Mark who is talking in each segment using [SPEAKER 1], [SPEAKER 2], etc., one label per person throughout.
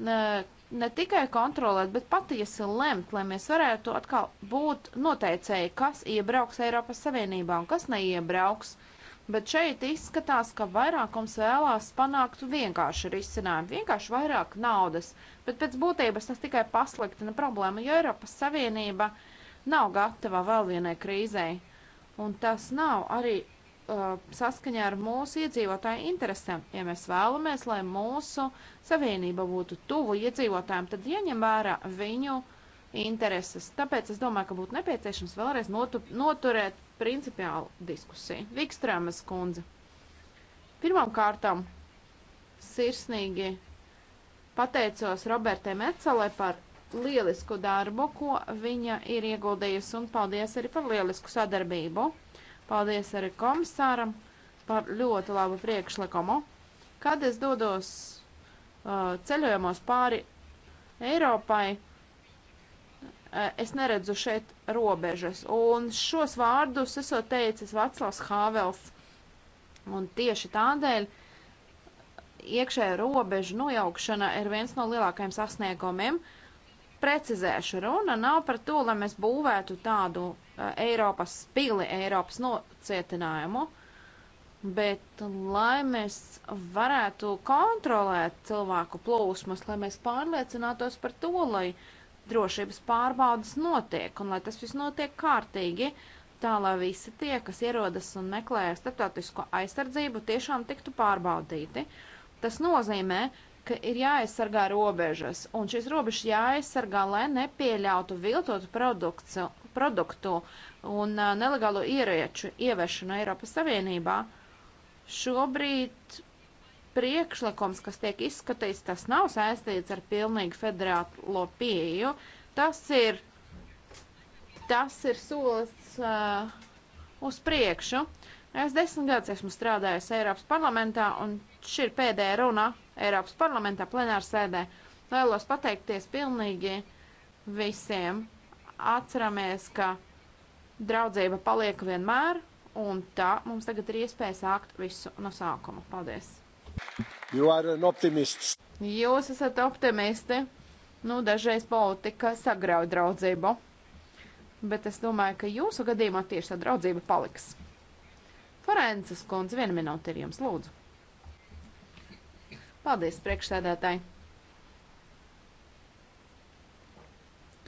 [SPEAKER 1] ne, ne tikai kontrolēt, bet patiesi lemt, lai mēs varētu atkal būt noteicēji, kas iebrauks Eiropas Savienībā un kas neiebrauks. Bet šeit izskatās, ka vairākums vēlās panākt vienkārši risinājumu, vienkārši vairāk naudas, bet pēc būtības tas tikai pasliktina problēmu, jo Eiropas Savienība nav gatava vēl vienai krīzei. Un tas nav arī Uh, saskaņā ar mūsu iedzīvotāju interesēm. Ja mēs vēlamies, lai mūsu savienība būtu tuvu iedzīvotājiem, tad ieņem vērā viņu intereses. Tāpēc es domāju, ka būtu nepieciešams vēlreiz notu, noturēt principiālu diskusiju. Vikstrāmas kundze. Pirmām kārtām sirsnīgi pateicos Robertai Mecelē par lielisku darbu, ko viņa ir ieguldījusi, un paldies arī par lielisku sadarbību. Paldies arī komisāram par ļoti labu priekšlikumu. Kad es dodos uh, ceļojumos pāri Eiropai, uh, es neredzu šeit robežas. Un šos vārdus esot teicis Vaclavs Hāvels. Un tieši tādēļ iekšēja robeža nojaukšana ir viens no lielākajiem sasniegumiem, uh, precizēšana. Runa nav par to, lai mēs būvētu tādu eh, Eiropas spili, Eiropas nocietinājumu, bet lai mēs varētu kontrolēt cilvēku plūsmas, lai mēs pārliecinātos par to, lai drošības pārbaudas notiek un lai tas viss notiek kārtīgi, tā lai visi tie, kas ierodas un meklē starptautisko aizsardzību, tiešām tiktu pārbaudīti. Tas nozīmē, ka ir jāaizsargā robežas, un šīs robežas jāaizsargā, lai nepieļautu viltotu produktu, produktu un uh, nelegālo ierieču ievešanu Eiropas Savienībā. Šobrīd priekšlikums, kas tiek izskatīts, tas nav saistīts ar pilnīgi federālo pieju. Tas ir, tas ir solis uh, uz priekšu. Es desmit gadus esmu strādājis Eiropas parlamentā, un Šī ir pēdējā runa Eiropas parlamentā plenāra sēdē. Vēlos pateikties pilnīgi visiem. Atceramies, ka draudzība paliek vienmēr, un tā mums tagad ir iespēja sākt visu no sākuma. Paldies! Jūs esat optimisti. Nu, dažreiz politika sagrauj draudzību. Bet es domāju, ka jūsu gadījumā tieši tā draudzība paliks. Forences kundze, viena minūte ir jums lūdzu. Paldies, priekšsēdētāji!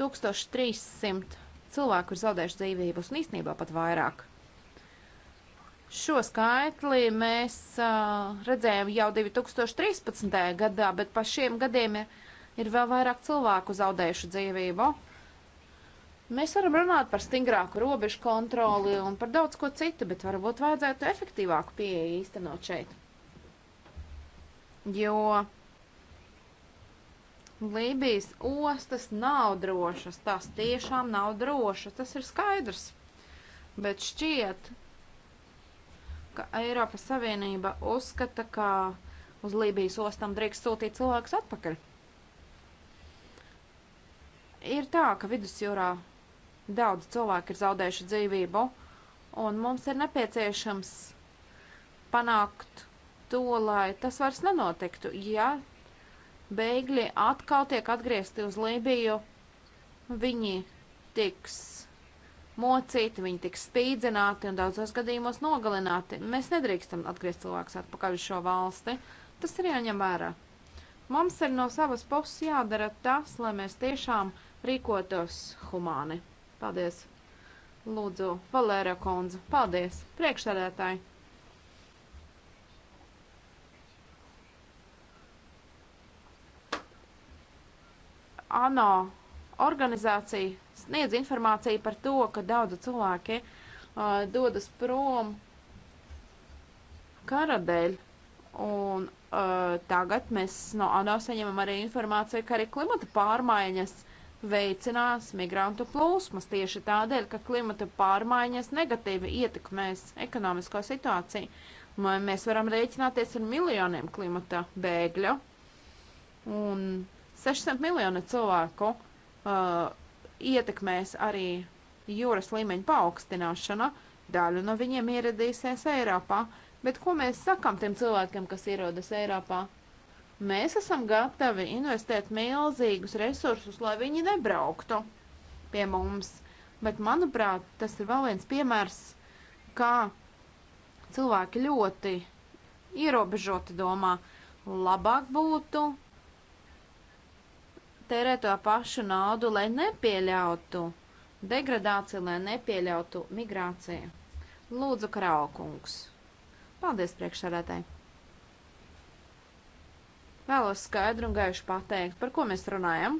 [SPEAKER 1] 1300 cilvēku ir zaudējuši dzīvības, un īstenībā pat vairāk. Šo skaitli mēs uh, redzējām jau 2013. gadā, bet pa šiem gadiem ir, ir vēl vairāk cilvēku zaudējuši dzīvību. Mēs varam runāt par stingrāku robežu kontroli un par daudz ko citu, bet varbūt vajadzētu efektīvāku pieeju īstenot šeit jo Lībijas ostas nav drošas. Tās tiešām nav drošas, tas ir skaidrs. Bet šķiet, ka Eiropas Savienība uzskata, ka uz Lībijas ostām drīkst sūtīt cilvēkus atpakaļ. Ir tā, ka vidusjūrā daudz cilvēku ir zaudējuši dzīvību, un mums ir nepieciešams panākt to, lai tas vairs nenotiktu, ja bēgļi atkal tiek atgriezti uz Lībiju, viņi tiks mocīti, viņi tiks spīdzināti un daudzos gadījumos nogalināti. Mēs nedrīkstam atgriezt cilvēkus atpakaļ uz šo valsti. Tas ir jāņem vērā. Mums ir no savas puses jādara tas, lai mēs tiešām rīkotos humāni. Paldies! Lūdzu, Valērija Konze, paldies! Priekšsēdētāji! ANO organizācija sniedz informāciju par to, ka daudzi cilvēki uh, dodas prom kara dēļ. Un uh, tagad mēs no ANO saņemam arī informāciju, ka arī klimata pārmaiņas veicinās migrantu plūsmas tieši tādēļ, ka klimata pārmaiņas negatīvi ietekmēs ekonomisko situāciju. Mēs varam rēķināties ar miljoniem klimata bēgļu. Un 600 miljoni cilvēku uh, ietekmēs arī jūras līmeņa paaugstināšana, daļu no viņiem ieradīsies Eiropā. Bet ko mēs sakām tiem cilvēkiem, kas ierodas Eiropā? Mēs esam gatavi investēt milzīgus resursus, lai viņi nebrauktu pie mums. Bet, manuprāt, tas ir vēl viens piemērs, kā cilvēki ļoti ierobežoti domā, labāk būtu tērē to pašu naudu, lai nepieļautu degradāciju, lai nepieļautu migrāciju. Lūdzu, Kraukungs. Paldies priekšsēdētāji. Vēlos skaidru un gaišu pateikt, par ko mēs runājam.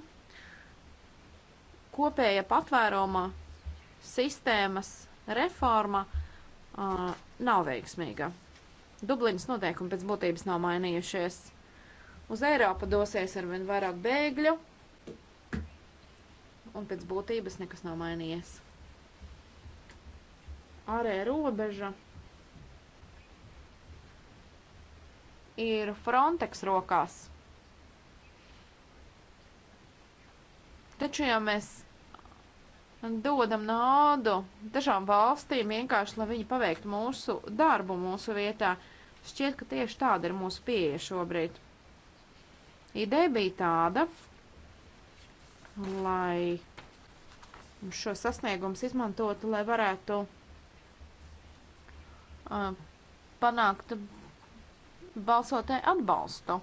[SPEAKER 1] Kopēja patvēruma sistēmas reforma uh, nav veiksmīga. Dublinas noteikumi pēc būtības nav mainījušies. Uz Eiropu dosies arvien vairāk bēgļu, un pēc būtības nekas nav mainījies. Ārējā robeža ir Frontex rokās. Taču, ja mēs dodam naudu dažām valstīm vienkārši, lai viņi paveiktu mūsu darbu mūsu vietā, šķiet, ka tieši tāda ir mūsu pieeja šobrīd. Ideja bija tāda, lai šo sasniegumus izmantotu, lai varētu uh, panākt balsotāju atbalstu.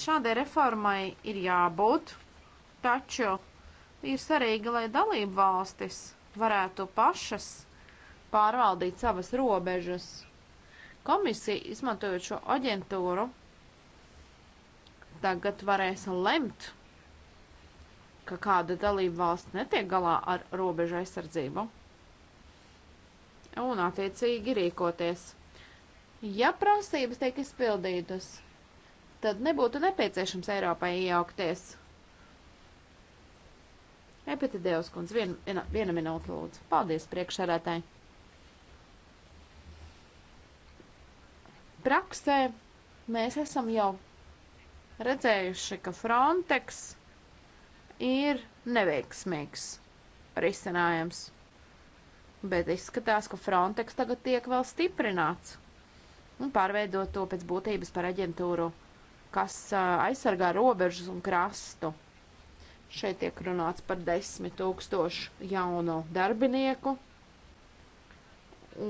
[SPEAKER 1] Šādai reformai ir jābūt, taču ir svarīgi, lai dalību valstis varētu pašas pārvaldīt savas robežas. Komisija, izmantojot šo aģentūru, tagad varēs lemt, ka kāda dalība valsts netiek galā ar robežu aizsardzību un attiecīgi rīkoties. Ja prasības tiek izpildītas, tad nebūtu nepieciešams Eiropai iejaukties. Epitēdevs kundze, vien, viena, viena minūte lūdzu. Paldies priekšsarētāji. Praksē mēs esam jau redzējuši, ka Frontex ir neveiksmīgs risinājums. Bet izskatās, ka Frontex tagad tiek vēl stiprināts un pārveidot to pēc būtības par aģentūru, kas aizsargā robežas un krastu. Šeit tiek runāts par desmit tūkstošu jaunu darbinieku,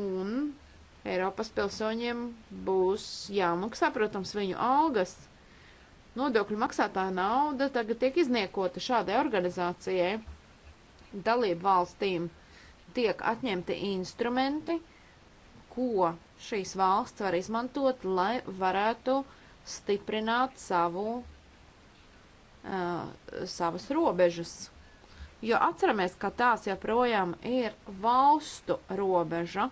[SPEAKER 1] un Eiropas pilsoņiem būs jāmaksā, protams, viņu algas – nodokļu maksātāja nauda tagad tiek izniekota šādai organizācijai. Dalību valstīm tiek atņemti instrumenti, ko šīs valsts var izmantot, lai varētu stiprināt savu, uh, savas robežas. Jo atceramies, ka tās joprojām ir valstu robeža.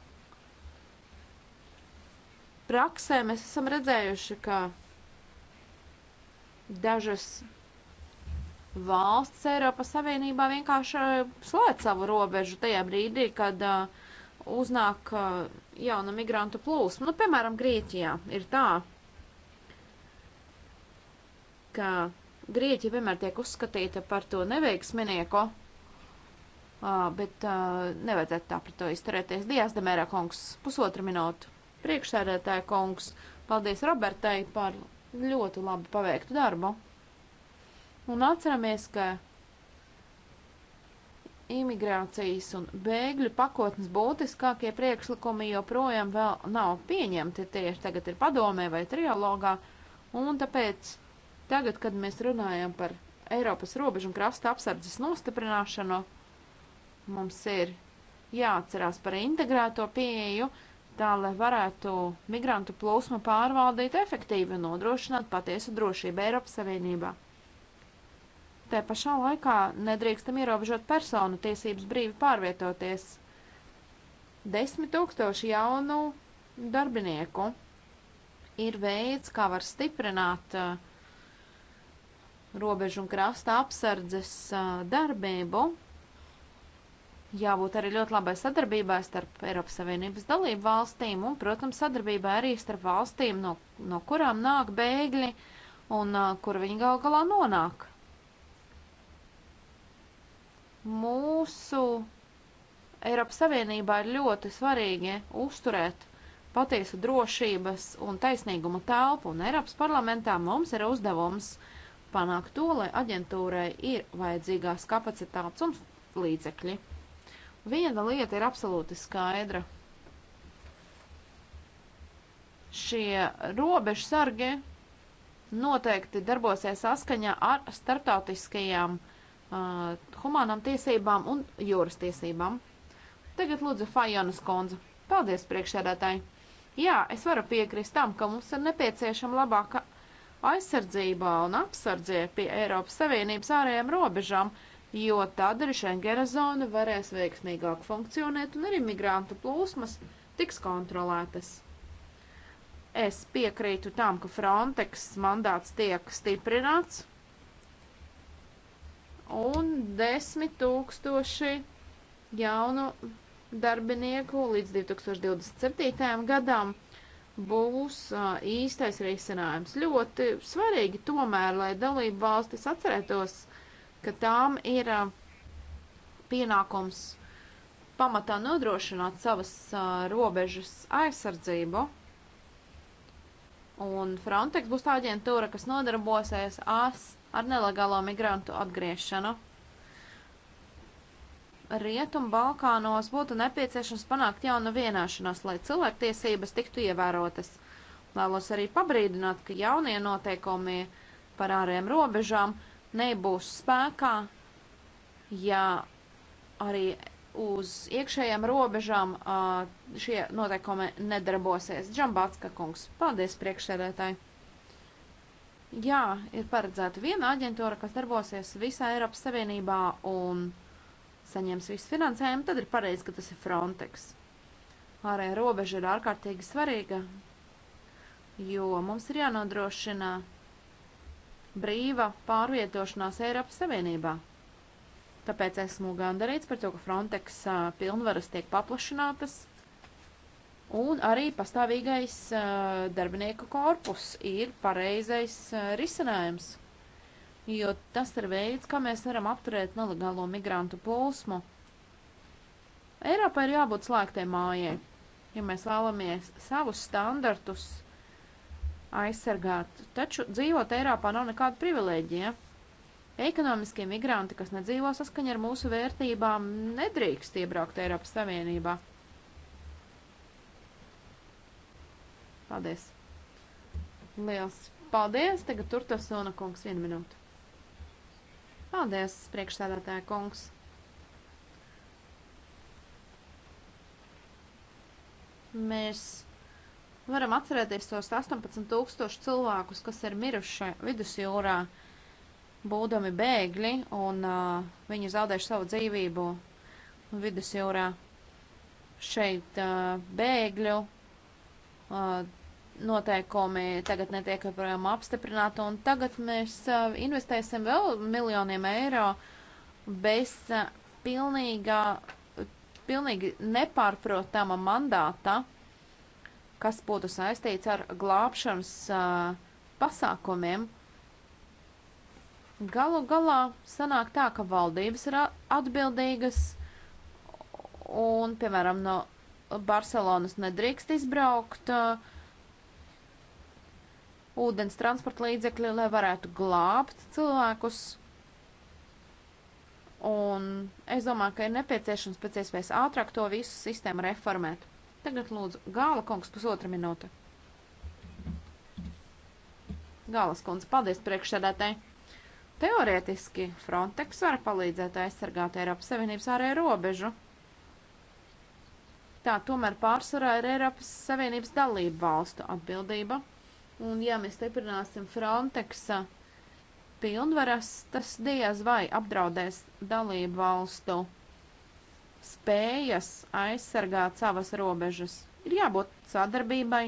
[SPEAKER 1] Praksē mēs esam redzējuši, ka Dažas valsts Eiropas Savienībā vienkārši eh, slēdz savu robežu tajā brīdī, kad uh, uznāk uh, jauna migrantu plūsma. Nu, piemēram, Grieķijā ir tā, ka Grieķija vienmēr tiek uzskatīta par to neveiksminieku, uh, bet uh, nevajadzētu tā par to izturēties. Dijas Demērā kungs, pusotra minūte. Priekšsēdētāja kungs, paldies Robertai par ļoti labi paveiktu darbu. Un atceramies, ka imigrācijas un bēgļu pakotnes būtiskākie priekšlikumi joprojām vēl nav pieņemti, tieši tagad ir padomē vai trialogā, un tāpēc tagad, kad mēs runājam par Eiropas robežu un krasta apsardzes nostiprināšanu, mums ir jāatcerās par integrēto pieeju, uh, tā lai varētu migrantu plūsmu pārvaldīt efektīvi un nodrošināt patiesu drošību Eiropas Savienībā. Te pašā laikā nedrīkstam ierobežot personu tiesības brīvi pārvietoties. Desmit tūkstoši jaunu darbinieku ir veids, kā var stiprināt uh, robežu un krasta apsardzes uh, darbību, Jābūt arī ļoti labai sadarbībai starp Eiropas Savienības dalību valstīm un, protams, sadarbībai arī starp valstīm, no, no kurām nāk bēgļi un uh, kur viņi gal galā nonāk. Mūsu Eiropas Savienībā ir ļoti svarīgi uzturēt patiesu drošības un taisnīguma telpu, un Eiropas parlamentā mums ir uzdevums panākt to, lai aģentūrai ir vajadzīgās kapacitātes un līdzekļi. Viena lieta ir absolūti skaidra. Šie robežsargi noteikti darbosies saskaņā ar starptautiskajām uh, humānām tiesībām un jūras tiesībām. Tagad lūdzu Fajonas kundze. Paldies priekšsēdētāji. Jā, es varu piekrist tam, ka mums ir nepieciešama labāka aizsardzībā un apsardzē pie Eiropas Savienības ārējām robežām. Uh, jo tad arī Schengena zona varēs veiksmīgāk funkcionēt un arī migrantu plūsmas tiks kontrolētas. Es piekrītu tam, ka Frontex mandāts tiek stiprināts un desmit tūkstoši jaunu darbinieku līdz 2027. gadam būs īstais risinājums. Ļoti svarīgi tomēr, lai dalību valstis atcerētos ka tām ir pienākums pamatā nodrošināt savas robežas aizsardzību. Un Frontex būs tā aģentūra, kas nodarbosies ar nelegālo migrantu atgriešanu. Rietumu Balkānos būtu nepieciešams panākt jaunu vienāšanos, lai cilvēktiesības tiktu ievērotas. Vēlos arī pabrīdināt, ka jaunie noteikumi par ārējām robežām uh, nebūs spēkā, ja arī uz iekšējām robežām šie noteikumi nedarbosies. Džambatska kungs, paldies priekšsēdētāji! Jā, ir paredzēta viena aģentūra, kas darbosies visā Eiropas Savienībā un saņems visu finansējumu, tad ir pareizi, ka tas ir Frontex. Ārējā robeža ir ārkārtīgi svarīga, jo mums ir jānodrošina brīva pārvietošanās Eiropas Savienībā. Tāpēc esmu gandarīts par to, ka Frontex uh, pilnvaras tiek paplašinātas un arī pastāvīgais uh, darbinieku korpus ir pareizais uh, risinājums, jo tas ir veids, kā mēs varam apturēt nelegālo migrantu plūsmu. Eiropai ir jābūt slēgtai mājai, ja mēs vēlamies savus standartus aizsargāti. Taču dzīvot Eiropā nav nekāda privilēģija. Ekonomiskie migranti, kas nedzīvo saskaņā ar mūsu vērtībām, nedrīkst iebraukt Eiropas Savienībā. Paldies! Liels paldies! Tagad tur tas Sona kungs vienu minūtu. Paldies, priekšstādātāja kungs! Mēs Varam atcerēties tos 18,000 cilvēkus, kas ir miruši vidusjūrā, būdami bēgļi, un uh, viņi zaudējuši savu dzīvību vidusjūrā. Šeit uh, bēgļu uh, noteikumi tagad netiek joprojām apstiprināti, un tagad mēs uh, investēsim vēl miljoniem eiro bez uh, pilnīga, pilnīgi nepārprotama mandāta kas būtu saistīts ar glābšanas uh, pasākumiem. Galu galā sanāk tā, ka valdības ir atbildīgas un, piemēram, no Barcelonas nedrīkst izbraukt uh, ūdens transporta līdzekļi, lai varētu glābt cilvēkus. Un es domāju, ka ir nepieciešams pēc iespējas ātrāk to visu sistēmu reformēt. Tagad lūdzu Gāla kungs pusotra minūte. Gālas kundze, paldies priekšsēdētāji. Teorētiski Frontex var palīdzēt aizsargāt Eiropas Savienības ārēju robežu. Tā tomēr pārsvarā ir Eiropas Savienības dalību valstu atbildība. Un ja mēs stiprināsim Frontexa pilnvaras, tas diez vai apdraudēs dalību valstu spējas aizsargāt savas robežas. Ir jābūt sadarbībai.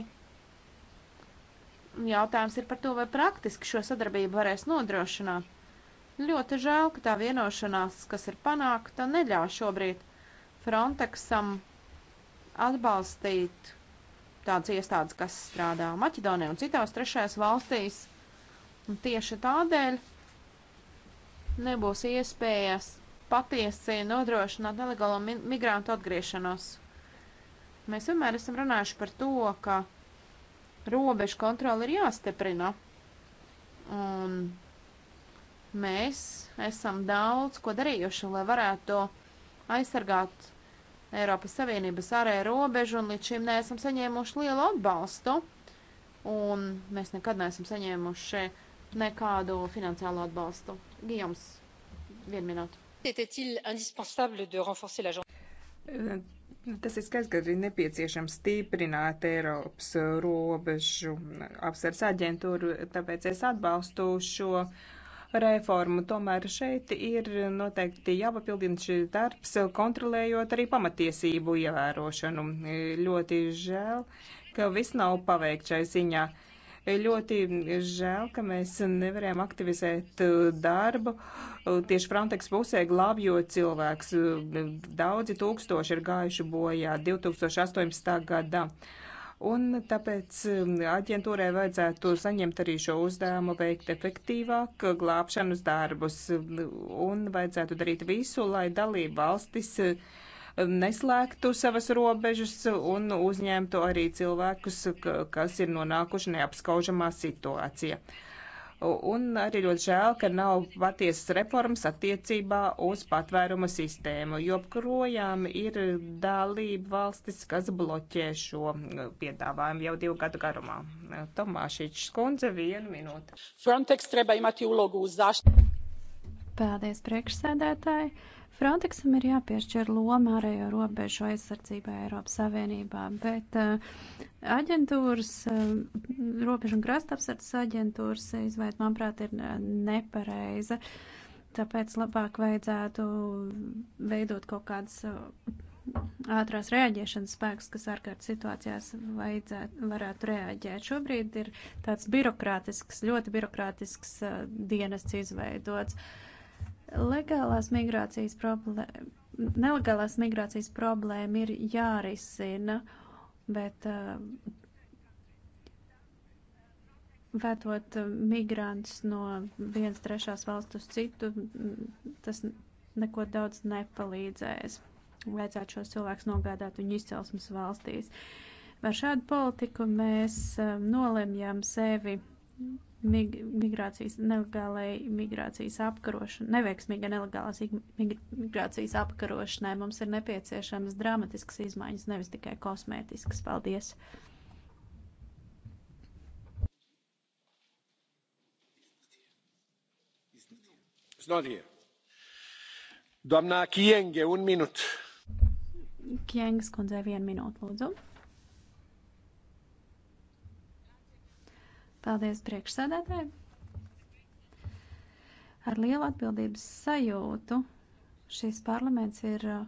[SPEAKER 1] Jautājums ir par to, vai praktiski šo sadarbību varēs nodrošināt. Ļoti žēl, ka tā vienošanās, kas ir panākta, neļauj šobrīd Frontexam atbalstīt tādas iestādes, kas strādā Maķedonijā un citās trešajās valstīs. Un tieši tādēļ nebūs iespējas patiesi nodrošināt nelegālo mi migrantu atgriešanos. Mēs vienmēr esam runājuši par to, ka robežu kontroli ir jāstiprina. Un mēs esam daudz ko darījuši, lai varētu aizsargāt Eiropas Savienības ārēju robežu, un līdz šim neesam saņēmuši lielu atbalstu. Un mēs nekad neesam saņēmuši nekādu finansiālu atbalstu. Gijoms, vienu minūtu.
[SPEAKER 2] Eh, tas ir skaidrs, ka ir nepieciešams stiprināt Eiropas robežu apsardz aģentūru, tāpēc es atbalstu šo reformu. Tomēr šeit ir noteikti jāpapildina šis darbs, kontrolējot arī pamatiesību ievērošanu. Ļoti žēl, ka viss nav paveikt šai ziņā. Uh, Ļoti žēl, ka mēs nevarējām aktivizēt uh, darbu uh, tieši Frontex pusē glābjot cilvēks. Uh, daudzi tūkstoši ir gājuši bojā 2018. gadā. Un tāpēc um, aģentūrai vajadzētu saņemt arī šo uzdevumu, veikt efektīvāk glābšanas darbus. Un vajadzētu darīt visu, lai dalību valstis uh, neslēgtu savas robežas un uzņemtu arī cilvēkus, kas ir nonākuši neapskaužamā situācijā. Un arī ļoti žēl, ka nav patiesas reformas attiecībā uz patvērumu sistēmu, jo projām ir dalība valstis, kas bloķē šo piedāvājumu jau divu gadu garumā. Tomāšiņš skundze, viena minūte. Frontex treba imati ulogu uz zaštitu. Paldies, priekšsēdētāji. Uh,
[SPEAKER 3] Frontexam ir jāpiešķir loma ārējo robežu aizsardzībai Eiropas Savienībā, bet eh, aģentūras, eh, robežu un krasta apsardzes aģentūras izvēle, manuprāt, ir eh, nepareiza. Tāpēc labāk vajadzētu veidot kaut kādas ātrās reaģēšanas spēks, kas ārkārtas situācijās varētu reaģēt. Šobrīd ir tāds birokrātisks, ļoti birokrātisks dienests izveidots. Uh, Legālās migrācijas problēma, nelegālās migrācijas problēma ir jārisina, bet uh, eh, vedot eh, migrants no vienas trešās valsts uz citu, tas neko daudz nepalīdzēs. Vajadzētu šos cilvēkus nogādāt viņu izcelsmes valstīs. Ar šādu politiku mēs eh, nolemjam sevi mig migrācijas, nelegālai migrācijas apkarošanai, neveiksmīga nelegālās migrācijas apkarošanai mums ir nepieciešamas dramatiskas izmaiņas, nevis tikai kosmētiskas. Paldies! Doamna Kienge, un minut. Kienges kundze, vienu minūtu, lūdzu. Paldies priekšsēdētāji! Ar lielu atbildības sajūtu šīs parlaments ir uh,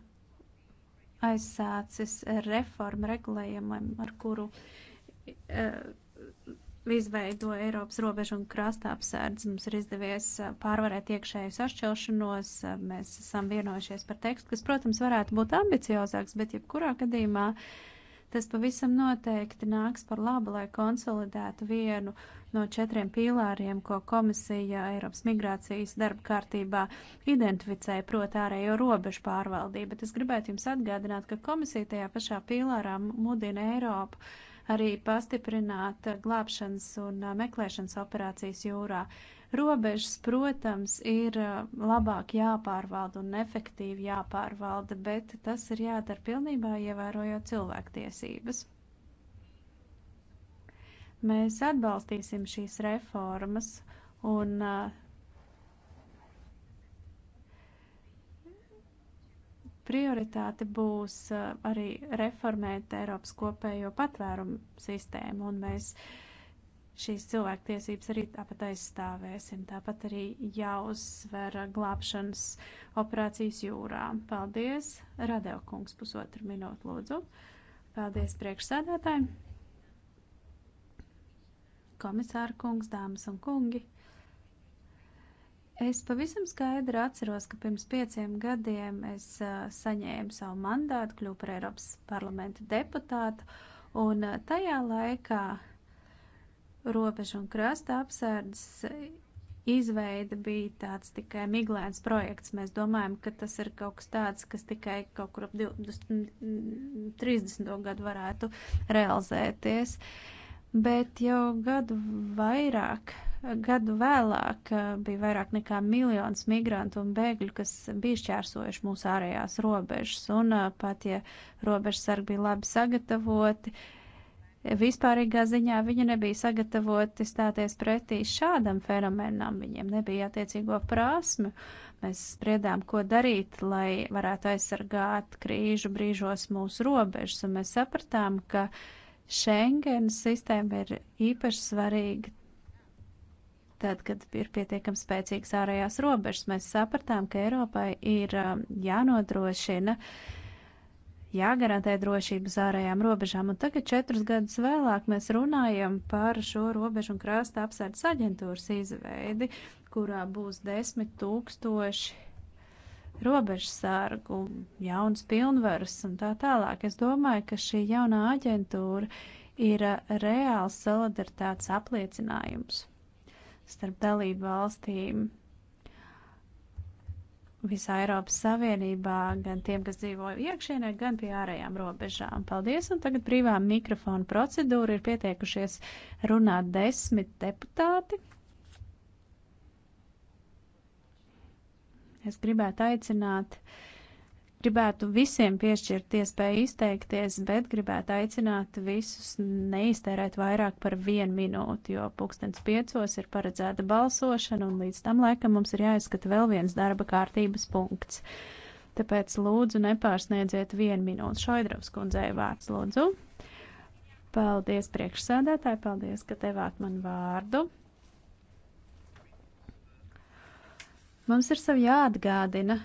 [SPEAKER 3] aizsācis reformu regulējumam, ar kuru uh, izveido Eiropas robežu un krasta apsardz. Mums ir izdevies uh, pārvarēt iekšēju sašķelšanos, uh, mēs esam vienojušies par tekstu, kas, protams, varētu būt ambiciozāks, bet jebkurā gadījumā uh, Tas pavisam noteikti nāks par labu, lai konsolidētu vienu no četriem pīlāriem, ko komisija Eiropas migrācijas darba kārtībā identificēja, proti ārējo robežu pārvaldību. Bet es gribētu jums atgādināt, ka komisija tajā pašā pīlārā mudina Eiropu arī pastiprināt uh, glābšanas un uh, meklēšanas operācijas jūrā. Robežas, protams, ir uh, labāk jāpārvalda un efektīvi jāpārvalda, bet tas ir jādara pilnībā ievērojot cilvēktiesības. Mēs atbalstīsim šīs reformas un uh, prioritāte būs eh, arī reformēt Eiropas kopējo patvērumu sistēmu, un mēs šīs cilvēktiesības arī tāpat aizstāvēsim. Tāpat arī jāuzsver glābšanas operācijas jūrā. Paldies, Radev kungs, pusotru minūtu lūdzu. Paldies priekšsēdētājiem. Komisāra kungs, dāmas un kungi. Es pavisam skaidri atceros, ka pirms pieciem gadiem es saņēmu savu mandātu, kļuvu par Eiropas parlamenta deputātu, un tajā laikā robežu un krasta apsardzes izveida bija tāds tikai miglēns projekts. Mēs domājam, ka tas ir kaut kas tāds, kas tikai kaut kur ap 20, 30. gadu varētu realizēties. Bet jau gadu vairāk gadu vēlāk eh, bija vairāk nekā miljons migrantu un bēgļu, kas bija šķērsojuši mūsu ārējās robežas, un eh, pat ja robežsargi bija labi sagatavoti, vispārīgā ziņā viņi nebija sagatavoti stāties pretī šādam fenomenam, viņiem nebija attiecīgo prasmu. Mēs spriedām, ko darīt, lai varētu aizsargāt krīžu brīžos mūsu robežas, un mēs sapratām, ka Schengen sistēma ir īpaši svarīga tad, kad ir pietiekami spēcīgas ārējās robežas. Mēs sapratām, ka Eiropai ir um, jānodrošina, jāgarantē drošības ārējām robežām, un tagad četrus gadus vēlāk mēs runājam par šo robežu un krāsta apsardzes aģentūras izveidi, kurā būs desmit tūkstoši robežsārgu, jaunas pilnvaras un tā tālāk. Es domāju, ka šī jaunā aģentūra ir uh, reāls solidaritātes apliecinājums starp dalību valstīm visā Eiropas Savienībā, gan tiem, kas dzīvo iekšienē, gan pie ārējām robežām. Paldies, un tagad brīvā mikrofona procedūra ir pieteikušies runāt desmit deputāti. Es gribētu aicināt uh, Gribētu visiem piešķirt iespēju izteikties, bet gribētu aicināt visus neiztērēt vairāk par vienu minūti, jo pulkstens piecos ir paredzēta balsošana un līdz tam laikam mums ir jāizskata vēl viens darba kārtības punkts. Tāpēc lūdzu nepārsniedziet vienu minūti. Šoidrovs kundzei vārds lūdzu. Paldies priekšsēdētāji, paldies, ka devāt man vārdu. Mums ir sev jāatgādina,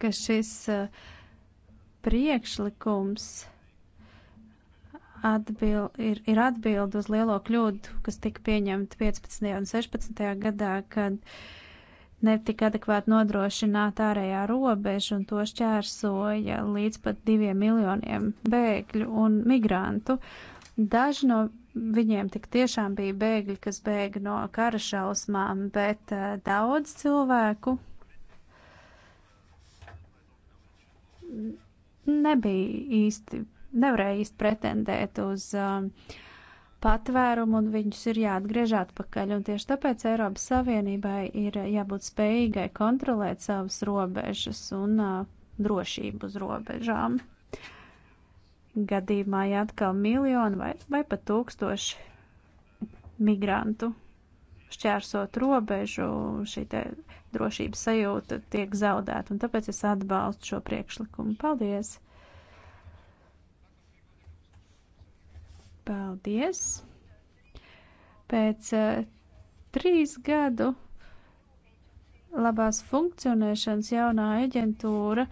[SPEAKER 3] ka šis e, priekšlikums atbil, ir, ir atbild uz lielo kļūdu, kas tika pieņemta 15. un 16. gadā, kad netika adekvāti nodrošināta ārējā robeža un to šķērsoja līdz pat diviem miljoniem bēgļu un migrantu. Daži no viņiem tik tiešām bija bēgļi, kas bēga no kara šausmām, bet uh, daudz cilvēku nebija īsti, nevarēja īsti pretendēt uz um, patvērumu, un viņus ir jāatgriež atpakaļ. Un tieši tāpēc Eiropas Savienībai ir jābūt spējīgai kontrolēt savas robežas un uh, drošību uz robežām. Gadījumā jāatkal miljoni vai, vai pat tūkstoši migrantu šķērsot robežu, šī drošības sajūta tiek zaudēta, un tāpēc es atbalstu šo priekšlikumu. Paldies! Paldies! Pēc uh, trīs gadu labās funkcionēšanas jaunā aģentūra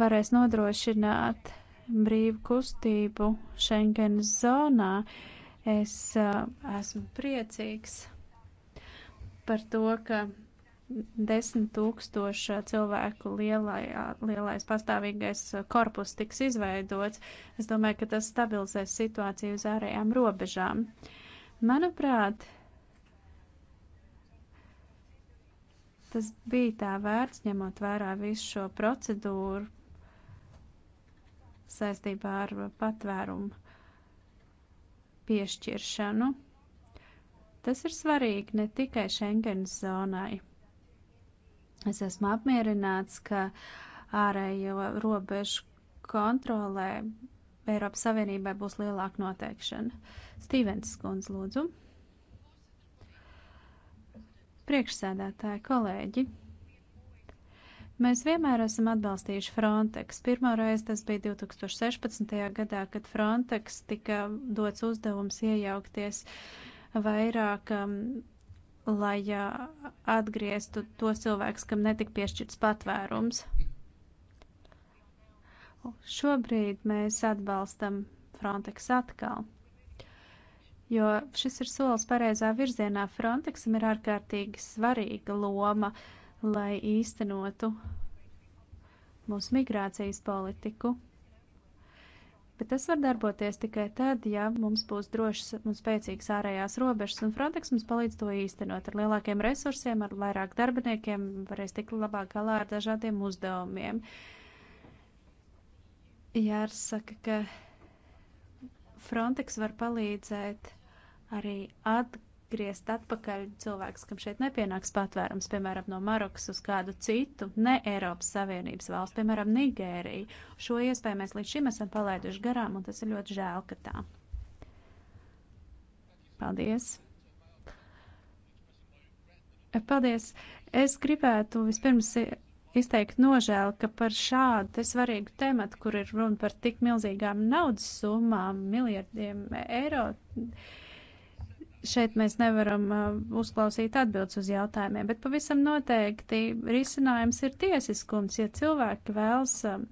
[SPEAKER 3] varēs nodrošināt brīvu kustību Schengenas zonā. Es uh, esmu priecīgs par to, ka desmit tūkstoši cilvēku lielajā, lielais pastāvīgais korpus tiks izveidots. Es domāju, ka tas stabilizēs situāciju uz ārējām robežām. Manuprāt, tas bija tā vērts, ņemot vērā visu šo procedūru saistībā ar patvērumu piešķiršanu. Tas ir svarīgi ne tikai Schengens zonai. Es esmu apmierināts, ka ārējo robežu kontrolē Eiropas Savienībai būs lielāka noteikšana. Stīvens Skundz, lūdzu. Priekšsēdētāji, kolēģi. Mēs vienmēr esam atbalstījuši Frontex. Pirmoreiz tas bija 2016. gadā, kad Frontex tika dots uzdevums iejaukties uh, vairāk, um, lai uh, atgrieztu tos cilvēkus, kam netika piešķirts patvērums. Šobrīd mēs atbalstam Frontex atkal jo šis ir solis pareizā virzienā. Frontexam ir ārkārtīgi svarīga loma, lai īstenotu mūsu migrācijas politiku bet tas var darboties tikai tad, ja mums būs drošas un spēcīgas ārējās robežas, un Frontex mums palīdz to īstenot ar lielākiem resursiem, ar vairāk darbiniekiem, varēs tikt labāk galā ar dažādiem uzdevumiem. Jāsaka, ka Frontex var palīdzēt arī atgādināt griezt atpakaļ cilvēks, kam šeit nepienāks patvērums, piemēram, no Marokas uz kādu citu, ne Eiropas Savienības valsts, piemēram, Nigēriju. Šo iespēju mēs līdz šim esam palaiduši garām, un tas ir ļoti žēl, ka tā. Paldies! Paldies! Es gribētu vispirms izteikt nožēlu, ka par šādu te svarīgu tematu, kur ir runa par tik milzīgām naudas summām, miljardiem eiro, šeit mēs nevaram uh, uzklausīt atbildes uz jautājumiem, bet pavisam noteikti risinājums ir tiesiskums. Ja cilvēki vēlas um,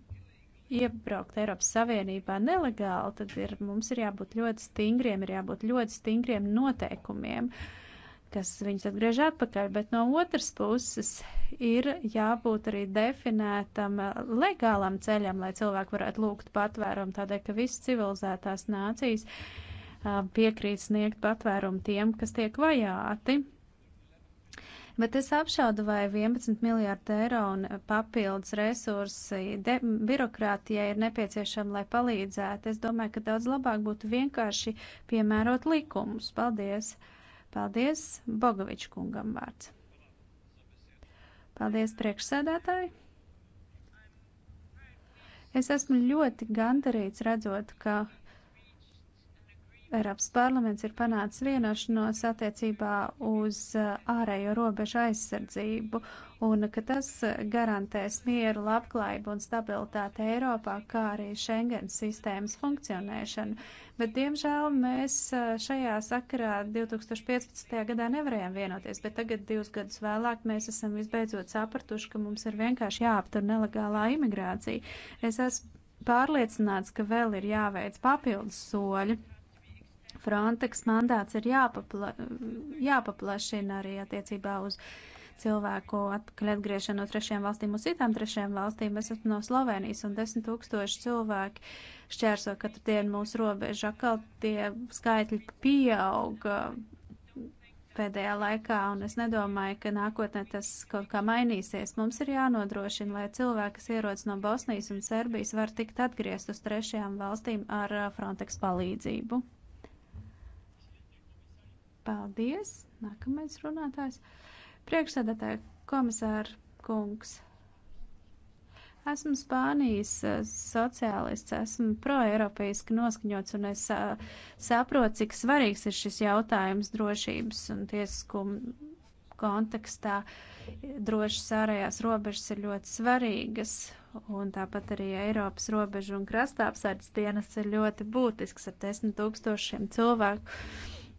[SPEAKER 3] iebraukt Eiropas Savienībā nelegāli, tad ir, mums ir jābūt ļoti stingriem, ir jābūt ļoti stingriem noteikumiem, kas viņus atgriež atpakaļ, bet no otras puses ir jābūt arī definētam uh, legālam ceļam, lai cilvēki varētu lūgt patvērumu, tādēļ, ka visas civilizētās nācijas uh, piekrīt sniegt patvērumu tiem, kas tiek vajāti. Bet es apšaudu, vai 11 miljārdi eiro un papildus resursi de, birokrātijai ir nepieciešami, lai palīdzētu. Es domāju, ka daudz labāk būtu vienkārši piemērot likumus. Paldies! Paldies Bogoviču kungam vārds. Paldies priekšsēdētāji! Es esmu ļoti gandarīts redzot, ka uh, Eiropas parlaments ir panācis vienošanos attiecībā uz uh, ārējo robežu aizsardzību un ka tas garantēs mieru, labklājību un stabilitāti Eiropā, kā arī Schengen sistēmas funkcionēšanu. Bet, diemžēl, mēs uh, šajā sakarā 2015. gadā nevarējām vienoties, bet tagad, divus gadus vēlāk, mēs esam visbeidzot sapratuši, ka mums ir vienkārši jāaptur nelegālā imigrācija. Es esmu pārliecināts, ka vēl ir jāveic papildus soļi Frontex mandāts ir jāpapla, jāpaplašina arī attiecībā uz cilvēku atpakaļ atgriešanu no trešajām valstīm uz citām trešajām valstīm. Es esmu no Slovenijas un desmit tūkstoši cilvēki šķērso katru dienu mūsu robežu. Atkal tie skaitļi pieauga pēdējā laikā, un es nedomāju, ka nākotnē tas kaut kā mainīsies. Mums ir jānodrošina, lai cilvēki, kas ierodas no Bosnijas un Serbijas, var tikt atgriezt uz trešajām valstīm ar Frontex palīdzību. Paldies! Nākamais runātājs. Priekšsēdētāja komisāra kungs. Esmu Spānijas eh, sociālists, esmu proeiropeiski noskaņots un es eh, saprotu, cik svarīgs ir šis jautājums drošības un tiesiskuma kontekstā. Drošas ārējās robežas ir ļoti svarīgas un tāpat arī Eiropas robežu un krasta apsardzes dienas ir ļoti būtisks ar desmit tūkstošiem cilvēku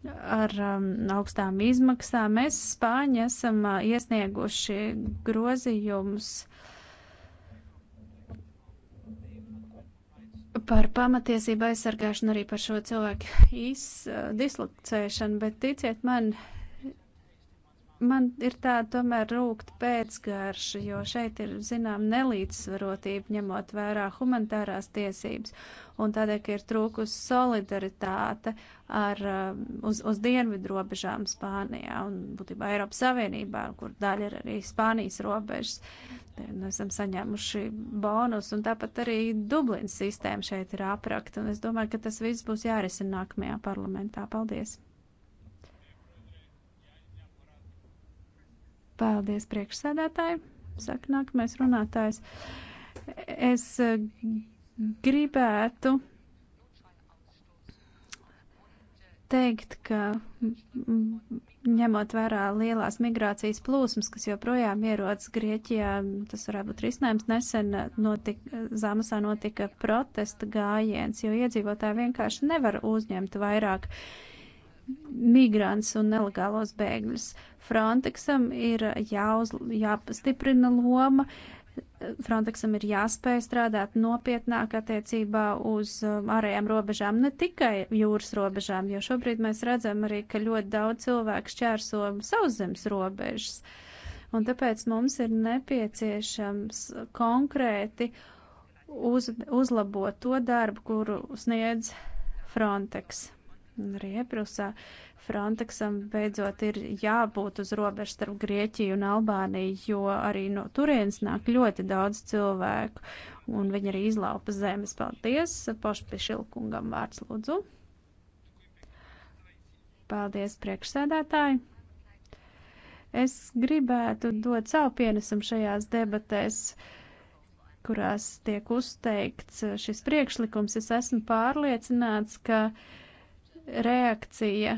[SPEAKER 3] ar um, augstām izmaksām. Mēs Spāņi esam uh, iesnieguši grozījumus par pamatiesību aizsargāšanu arī par šo cilvēku iz, uh, dislokcēšanu, bet ticiet man, uh, man ir tāda tomēr rūkt pēcgarša, jo šeit ir, zinām, nelīdzsvarotība ņemot vērā humanitārās tiesības, un tādēļ, ka ir trūkus solidaritāte ar, um, uz, uz dienvidu robežām Spānijā un, būtībā, Eiropas Savienībā, kur daļa ir arī Spānijas robežas. Mēs esam saņēmuši bonus, un tāpat arī Dublinas sistēma šeit ir aprakta, un es domāju, ka tas viss būs jārisina nākamajā parlamentā. Paldies! Paldies, priekšsēdētāji. Saka nākamais runātājs. Es eh, gribētu teikt, ka ņemot vērā lielās migrācijas plūsmas, kas joprojām ierodas Grieķijā, tas varētu būt risinājums. Nesen notika, Zamasā notika protesta gājiens, jo iedzīvotāji vienkārši nevar uzņemt vairāk uh, migrants un nelegālos bēgļus. Frontexam ir jāuz, jāpastiprina loma, Frontexam ir jāspēj strādāt nopietnāk attiecībā uz um, ārējām robežām, ne tikai jūras robežām, jo šobrīd mēs redzam arī, ka ļoti daudz cilvēku šķērso sauszemes robežas. Un tāpēc mums ir nepieciešams konkrēti uz, uzlabot to darbu, kuru sniedz Frontex arī Ebrusā. Frontexam beidzot ir jābūt uz robežas starp Grieķiju un Albāniju, jo arī no turienes nāk ļoti daudz cilvēku, un viņi arī izlaupa zemes. Paldies! Pošpišilkungam vārds lūdzu. Paldies, priekšsēdētāji! Es gribētu dot savu pienesumu šajās debatēs kurās tiek uzteikts šis priekšlikums, es esmu pārliecināts, ka uh, reakcija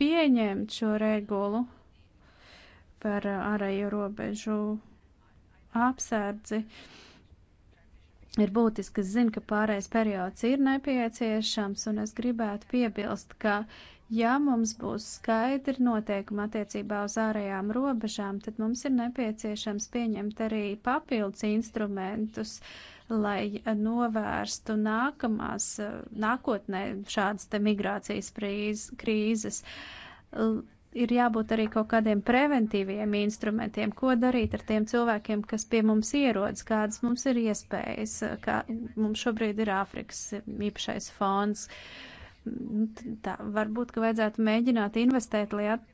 [SPEAKER 3] pieņemt šo regulu par ārējo robežu apsardzi ir būtiski. Es zinu, ka pārējais periods ir nepieciešams, un es gribētu piebilst, ka, ja mums būs skaidri noteikumi attiecībā uz ārējām robežām, tad mums ir nepieciešams pieņemt arī papildus instrumentus, uh, lai novērstu nākamās, nākotnē šādas te migrācijas prīz, krīzes. Ir jābūt arī kaut kādiem preventīviem instrumentiem, ko darīt ar tiem cilvēkiem, kas pie mums ierodas, kādas mums ir iespējas, kā mums šobrīd ir Āfrikas īpašais fonds. Nu, tā varbūt, ka vajadzētu mēģināt investēt, lai at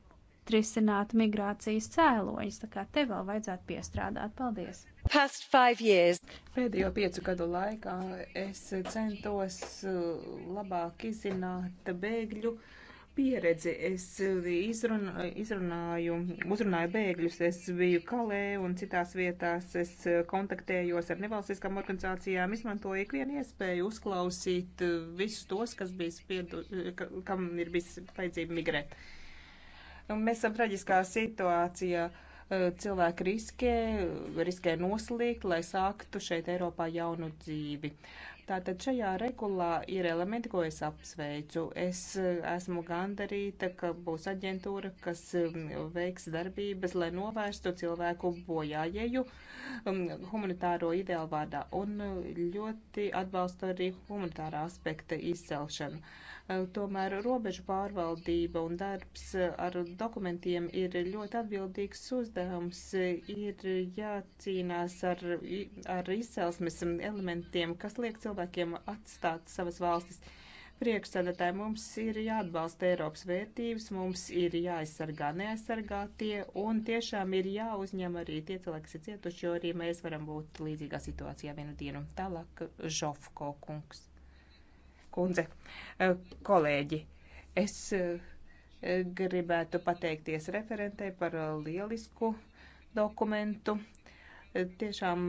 [SPEAKER 3] atrisināt migrācijas cēloņus. Tā kā te vēl vajadzētu piestrādāt.
[SPEAKER 2] Paldies! Pēdējo piecu gadu laikā es centos uh, labāk izzināt bēgļu pieredzi. Es uh, izruna, izrunāju, uzrunāju bēgļus, es biju Kalē un citās vietās, es uh, kontaktējos ar nevalstiskām organizācijām, izmantoju ikvienu iespēju uzklausīt visus tos, kas bija spiedu, kam ir bijis vajadzība migrēt. Uh, Mēs esam traģiskā situācijā. Eh, cilvēki riskē, riskē noslīgt, lai sāktu šeit Eiropā jaunu dzīvi. Uh, Tātad šajā regulā ir elementi, ko es apsveicu. Es e, esmu gandarīta, ka būs aģentūra, kas veiks darbības, lai novērstu cilvēku bojājēju humanitāro ideālu vārdā. Un e, ļoti atbalstu arī humanitārā aspekta izcelšanu. E, tomēr robežu pārvaldība un darbs ar dokumentiem ir ļoti atbildīgs uzdevums. Ir jācīnās ar, ar izcelsmes elementiem, kas liek cilvēku cilvēkiem atstāt savas valstis. Priekšsēdētāji mums ir jāatbalsta Eiropas vērtības, mums ir jāaizsargā neaizsargātie un tiešām ir jāuzņem arī tie cilvēki, kas ir cietuši, jo arī mēs varam būt līdzīgā situācijā vienu dienu. Tālāk Žofko kungs. Kundze, eh, kolēģi, es eh, gribētu pateikties referentei par eh, lielisku dokumentu. Tiešām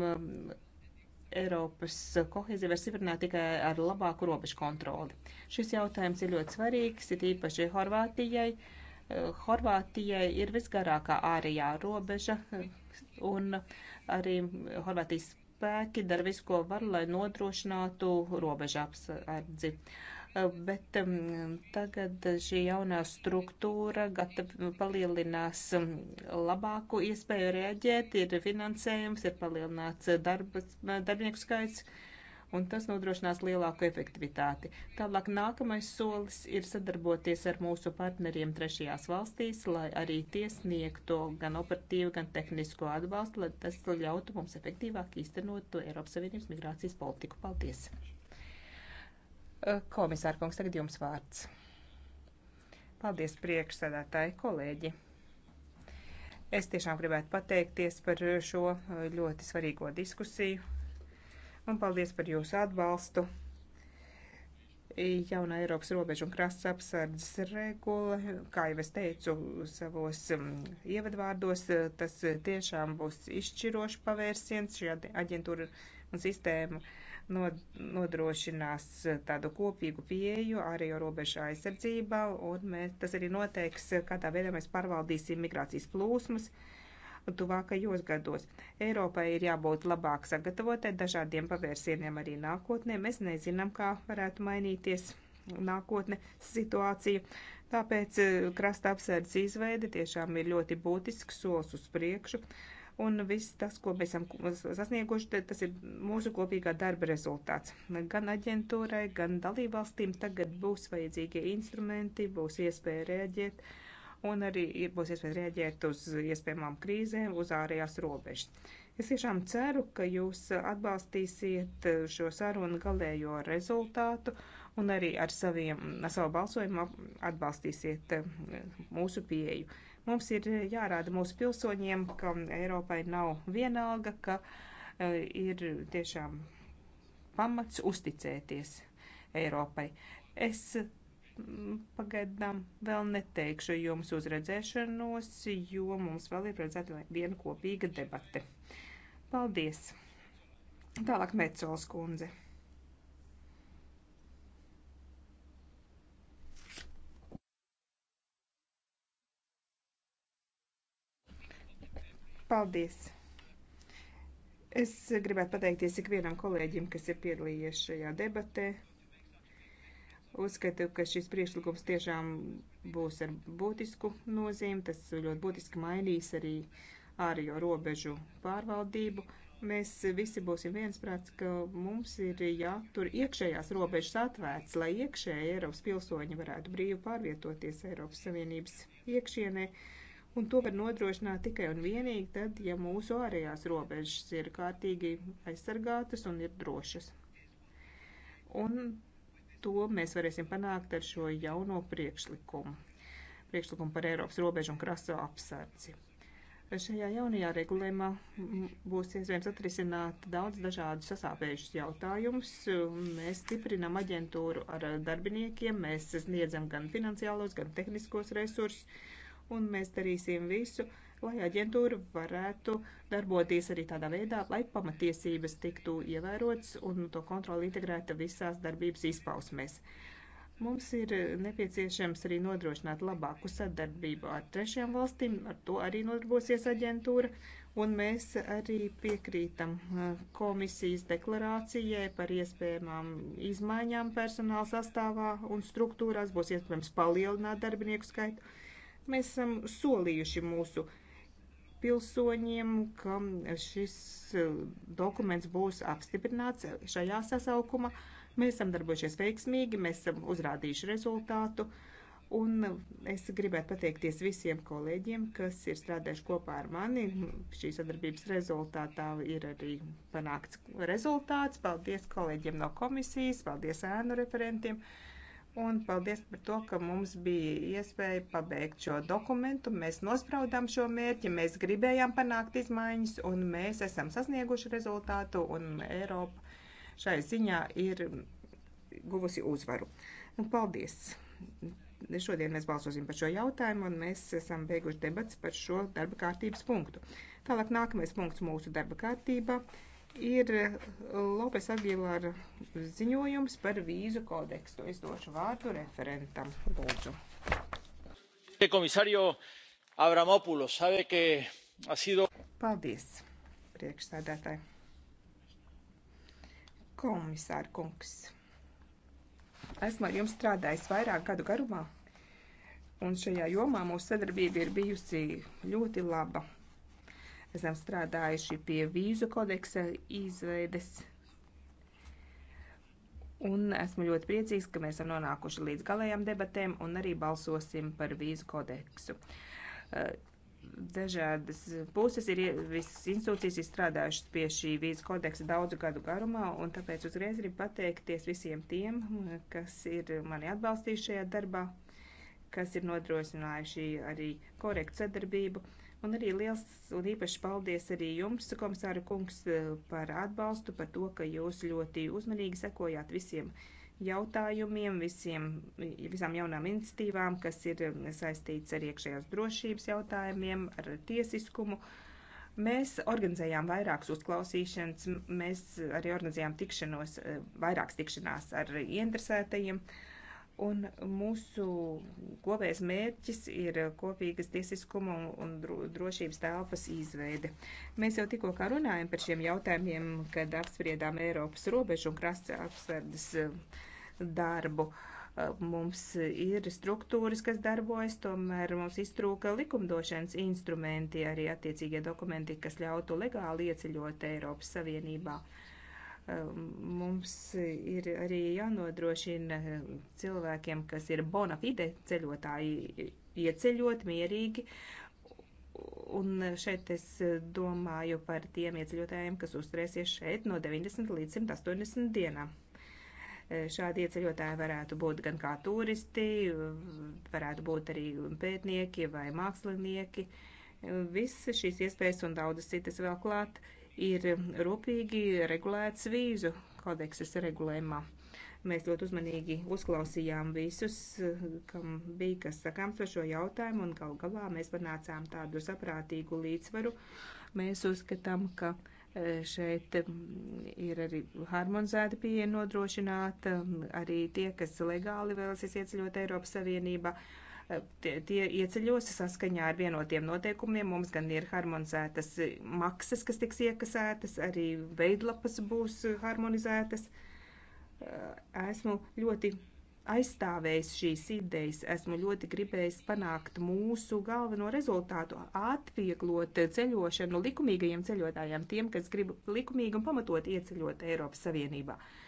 [SPEAKER 2] Eiropas kohēzija var stiprināt tikai ar labāku robežu kontroli. Šis jautājums ir ļoti svarīgs, ir īpaši Horvātijai. Horvātijai ir visgarākā ārējā robeža, un arī Horvātijas spēki dara visu, ko var, lai nodrošinātu robežu apsardzi. Uh, bet um, tagad šī jaunā struktūra palielinās um, labāku iespēju reaģēt, ir finansējums, ir palielināts darba, darbinieku skaits. Un tas nodrošinās lielāku efektivitāti. Tālāk nākamais solis ir sadarboties ar mūsu partneriem trešajās valstīs, lai arī tie sniegtu gan operatīvu, gan tehnisko atbalstu, lai tas ļautu mums efektīvāk īstenot Eiropas Savienības migrācijas politiku. Paldies! Eh, Komisārkungs, tagad jums vārds. Paldies priekšsēdētāji kolēģi. Es tiešām gribētu pateikties par šo eh, ļoti svarīgo diskusiju un paldies par jūsu atbalstu. Jauna Eiropas robežu un krasta apsardzes regula, kā jau es teicu savos mm, ievadvārdos, eh, tas tiešām būs izšķirošs pavērsiens šī aģentūra un sistēma. Uh, nodrošinās eh, tādu kopīgu pieeju ārējo robežu aizsardzībā, un mēs, tas arī noteiks, eh, kādā veidā mēs pārvaldīsim migrācijas plūsmas tuvākajos gados. Eiropai ir jābūt labāk sagatavotai dažādiem pavērsieniem arī nākotnē. Mēs nezinām, kā varētu mainīties nākotne situācija. Tāpēc eh, krasta apsardzes izveide tiešām ir ļoti būtisks solis uz priekšu. Uh, Un viss tas, ko mēs esam sasnieguši, tas ir mūsu kopīgā darba rezultāts. Gan aģentūrai, gan dalībvalstīm tagad būs vajadzīgie instrumenti, būs iespēja rēģēt, un arī būs iespēja rēģēt uz iespējamām krīzēm, uz ārējās robežas. Es tiešām ceru, ka jūs atbalstīsiet šo sarunu galējo rezultātu un arī ar, saviem, ar savu balsojumu atbalstīsiet eh, mūsu pieeju. Mums ir eh, jārāda mūsu pilsoņiem, ka Eiropai nav vienalga, ka eh, ir tiešām pamats uzticēties Eiropai. Es mm, pagaidām vēl neteikšu jums uzredzēšanos, jo mums vēl ir paredzēta viena kopīga debate. Paldies! Tālāk Mecols kundze. Paldies! Es gribētu pateikties ikvienam kolēģim, kas ir piedalījies šajā debatē. Uzskatu, ka šis priekšlikums tiešām būs ar būtisku nozīmi. Tas ļoti būtiski mainīs arī ārējo robežu pārvaldību. Mēs visi būsim viensprāts, ka mums ir jātur iekšējās robežas atvērts, lai iekšēji Eiropas pilsoņi varētu brīvi pārvietoties Eiropas Savienības iekšienē. Ja Un to var nodrošināt tikai un vienīgi tad, ja mūsu ārējās robežas ir kārtīgi aizsargātas un ir drošas. Un to mēs varēsim panākt ar šo jauno priekšlikumu. Priekšlikumu par Eiropas robežu un krasu apsardzi. Šajā jaunajā regulējumā būs iespējams atrisināt daudz dažādus sasāpējušus jautājumus. Mēs stiprinam aģentūru ar darbiniekiem, mēs sniedzam gan finansiālos, gan tehniskos resursus un mēs darīsim visu, lai aģentūra varētu darboties arī tādā veidā, lai pamatiesības tiktu ievērotas un to kontroli integrēta visās darbības izpausmēs. Mums ir nepieciešams arī nodrošināt labāku sadarbību ar trešajām valstīm, ar to arī nodarbosies aģentūra, un mēs arī piekrītam komisijas deklarācijai par iespējamām izmaiņām personāla sastāvā un struktūrās, būs iespējams palielināt darbinieku skaitu Mēs esam solījuši mūsu pilsoņiem, ka šis eh, dokuments būs apstiprināts šajā sasaukumā. Mēs esam darbojušies veiksmīgi, mēs esam uzrādījuši rezultātu. Un es gribētu pateikties visiem kolēģiem, kas ir strādājuši kopā ar mani. Šī sadarbības rezultātā ir arī panākts rezultāts. Paldies kolēģiem no komisijas, paldies ēnu referentiem. Uh, Un paldies par to, ka mums bija iespēja pabeigt šo dokumentu. Mēs nospraudām šo mērķi, mēs gribējām panākt izmaiņas, un mēs esam sasnieguši rezultātu, un Eiropa šai ziņā ir guvusi uzvaru. Un nu, paldies! Šodien mēs balsosim par šo jautājumu, un mēs esam beiguši debats par šo darba kārtības punktu. Tālāk nākamais punkts mūsu darba kārtībā ir eh, Lopes Agilāra ziņojums par vīzu kodekstu. Es došu vārdu referentam. Lūdzu.
[SPEAKER 1] Komisārio Avramopulos, sabe, ka ha sido...
[SPEAKER 2] Paldies, priekšsēdētāji. Komisāra kungs, esmu ar jums strādājis vairāk gadu garumā, un šajā jomā mūsu sadarbība ir bijusi ļoti laba esam strādājuši pie vīzu kodeksa izveides. Un esmu ļoti priecīgs, ka mēs esam nonākuši līdz galējām debatēm un arī balsosim par vīzu kodeksu. Eh, dažādas puses ir, visas institūcijas ir strādājušas pie šī vīzu kodeksa daudzu gadu garumā, un tāpēc uzreiz gribu pateikties visiem tiem, kas ir mani atbalstījuši šajā darbā, kas ir nodrošinājuši arī korektu sadarbību. Uh, Un arī liels un īpaši paldies arī jums, komisāra kungs, par atbalstu, par to, ka jūs ļoti uzmanīgi sekojāt visiem jautājumiem, visiem, visām jaunām iniciatīvām, kas ir saistīts ar iekšējās drošības jautājumiem, ar tiesiskumu. Mēs organizējām vairākas uzklausīšanas, mēs arī organizējām tikšanos, vairākas tikšanās ar interesētajiem. Uh, Un mūsu kopējais mērķis ir kopīgas tiesiskuma un drošības telpas izveide. Mēs jau tikko kā runājam par šiem jautājumiem, kad apspriedām Eiropas robežu un krasta apsardzes eh, darbu. Eh, mums ir struktūras, kas darbojas, tomēr mums iztrūka likumdošanas instrumenti, arī attiecīgie dokumenti, kas ļautu legāli ieceļot Eiropas Savienībā. Uh, Mums ir arī jānodrošina cilvēkiem, kas ir bona fide ceļotāji, ieceļot mierīgi. Un šeit es domāju par tiem ieceļotājiem, kas uzturēsies šeit no 90 līdz 180 dienām. Šādi ieceļotāji varētu būt gan kā turisti, varētu būt arī pētnieki vai mākslinieki. Visas šīs iespējas un daudzas citas vēl klāt ir rūpīgi regulēts vīzu kodeksas regulējumā. Mēs ļoti uzmanīgi uzklausījām visus, kam bija kas sakāms par šo jautājumu, un gal galā mēs panācām tādu saprātīgu līdzsvaru. Mēs uzskatām, ka e, šeit ir arī harmonizēta pieeja nodrošināta, arī tie, kas legāli vēlas ieceļot Eiropas Savienībā, uh, tie, tie ieceļos saskaņā ar vienotiem noteikumiem. Mums gan ir harmonizētas maksas, kas tiks iekasētas, arī veidlapas būs harmonizētas. Esmu ļoti aizstāvējis šīs idejas, esmu ļoti gribējis panākt mūsu galveno rezultātu - atvieglot ceļošanu likumīgajiem ceļotājiem, tiem, kas grib likumīgi un pamatot ieceļot Eiropas Savienībā. Uh,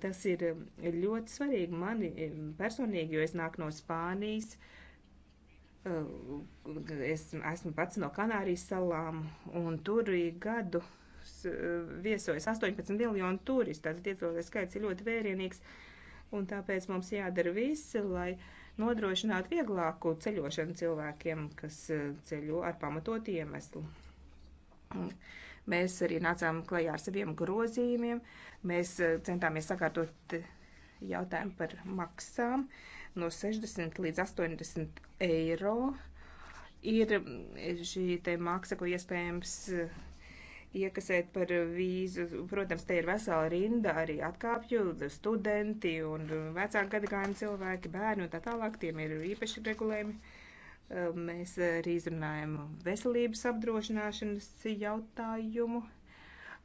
[SPEAKER 2] Tas ir um, ļoti svarīgi man um, personīgi, jo es nāku no Spānijas. Uh, es esmu pats no Kanārijas salām, un tur gadu uh, viesojas 18 miljonu turistu. Tātad iedzīvotāju skaits ir ļoti vērienīgs, un tāpēc mums jādara viss, lai nodrošinātu vieglāku ceļošanu cilvēkiem, kas uh, ceļo ar pamatotu iemeslu. Mm. Mēs arī nācām klajā ar saviem grozījumiem. Mēs eh, centāmies sakārtot eh, jautājumu par maksām no 60 līdz 80 eiro. Ir eh, šī te maksa, ko iespējams iekasēt par vīzu. Protams, te ir vesela rinda arī atkāpju studenti un vecāku gadagājumu cilvēki, bērni un tā tālāk. Tiem ir īpaši regulējumi. Mēs arī izrunājam veselības apdrošināšanas jautājumu,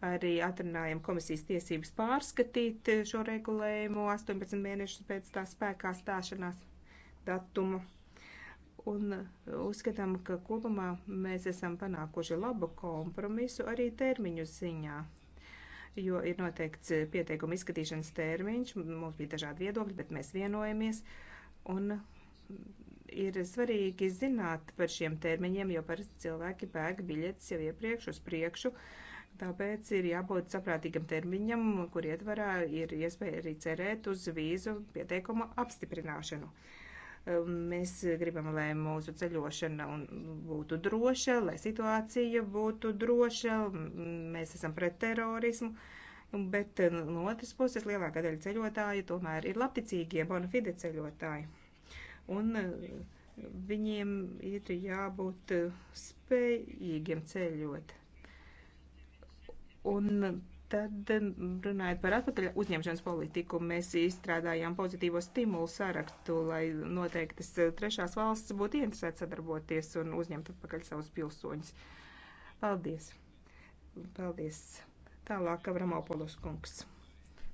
[SPEAKER 2] arī atrunājam komisijas tiesības pārskatīt šo regulējumu 18 mēnešus pēc tā spēkā stāšanās datuma. Un uzskatām, ka kopumā mēs esam panākuši labu kompromisu arī termiņu ziņā, jo ir noteikts pieteikuma izskatīšanas termiņš, mums bija dažādi viedokļi, bet mēs vienojamies. Un ir svarīgi zināt par šiem termiņiem, jo parasti cilvēki pērk biļetes jau iepriekš uz priekšu. Tāpēc ir jābūt saprātīgam termiņam, kur ietvarā ir iespēja arī cerēt uz vīzu pieteikuma apstiprināšanu. Um, mēs gribam, lai mūsu ceļošana būtu droša, lai situācija būtu droša, mēs esam pret terorismu, bet um, no otras puses lielākā daļa ceļotāju tomēr ir labticīgie bonafide ceļotāji un eh, viņiem ir jābūt eh, spējīgiem ceļot. Un tad, eh, runājot par atpakaļ uzņemšanas politiku, mēs izstrādājām pozitīvo stimulu sarakstu, lai noteiktas trešās valsts būtu interesētas sadarboties un uzņemt atpakaļ savus pilsoņus. Paldies! Paldies! Tālāk Avramopolos kungs.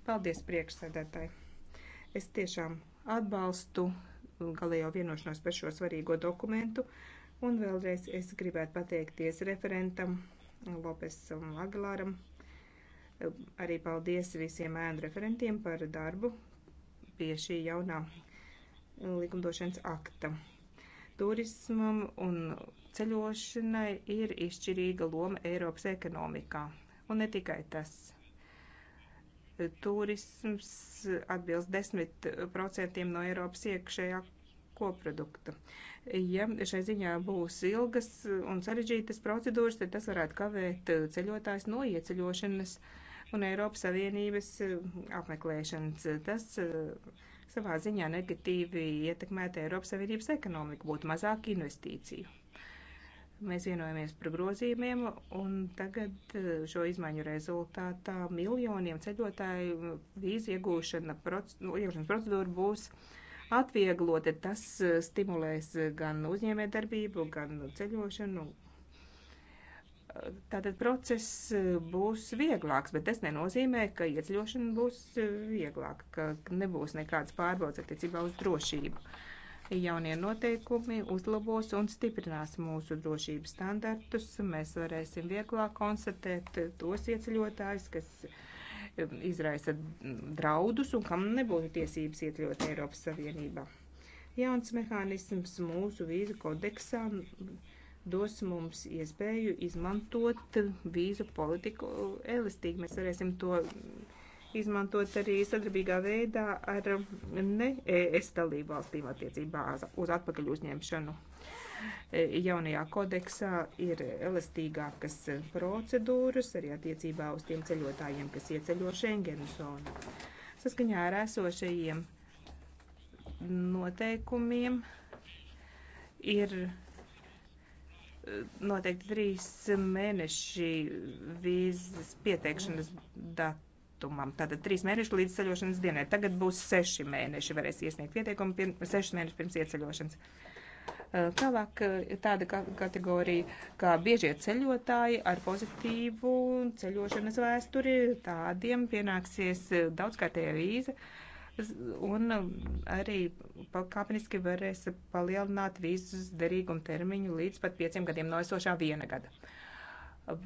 [SPEAKER 2] Paldies priekšsēdētāji! Es tiešām atbalstu galējo vienošanos par šo svarīgo dokumentu. Un vēlreiz es gribētu pateikties referentam Lopesam Agilāram. Arī paldies visiem ēnu referentiem par darbu pie šī jaunā likumdošanas akta. Turismam un ceļošanai ir izšķirīga loma Eiropas ekonomikā. Un ne tikai tas turisms atbilst 10% no Eiropas iekšējā koprodukta. Ja šai ziņā būs ilgas un sarežģītas procedūras, tad tas varētu kavēt ceļotājs no ieceļošanas un Eiropas Savienības apmeklēšanas. Tas eh, savā ziņā negatīvi ietekmētu Eiropas Savienības ekonomiku, būtu mazāk investīciju. Mēs vienojamies par grozījumiem, un tagad uh, šo izmaiņu rezultātā miljoniem ceļotāju vīzu iegūšana procedu, nu, iegūšanas procedūra būs atvieglota. Tas uh, stimulēs uh, gan uzņēmē darbību, gan ceļošanu. Tātad process būs vieglāks, bet tas nenozīmē, ka ieceļošana būs vieglāka, ka nebūs nekādas pārbaudas attiecībā uz drošību. Uh, jaunie noteikumi uzlabos un stiprinās mūsu drošības standartus. Mēs varēsim vieglāk konstatēt tos ieceļotājus, kas um, izraisa draudus un kam nebūtu tiesības ieceļot Eiropas Savienībā. Jauns mehānisms mūsu vīzu kodeksā dos mums iespēju izmantot vīzu politiku elastīgi. Mēs varēsim to izmantot arī sadarbīgā veidā ar ne ES dalību valstīm attiecībā uz atpakaļ uzņemšanu. E, jaunajā kodeksā ir elastīgākas e, procedūras arī attiecībā uz tiem ceļotājiem, kas ieceļo Schengenu zonu. Saskaņā ar esošajiem noteikumiem ir e, noteikti trīs mēneši vīzas pieteikšanas datu datumam. Tātad trīs mēneši līdz ceļošanas dienai. Tagad būs seši mēneši, varēs iesniegt pieteikumu pirms, sešas mēnešus pirms ieceļošanas. Uh, tālāk uh, tāda kategorija kā biežie ceļotāji ar pozitīvu ceļošanas vēsturi, tādiem pienāksies uh, daudzkārtēja vīza. Un um, arī pakāpeniski varēs palielināt vīzas derīgumu termiņu līdz pat pieciem gadiem no esošā viena gada. Uh,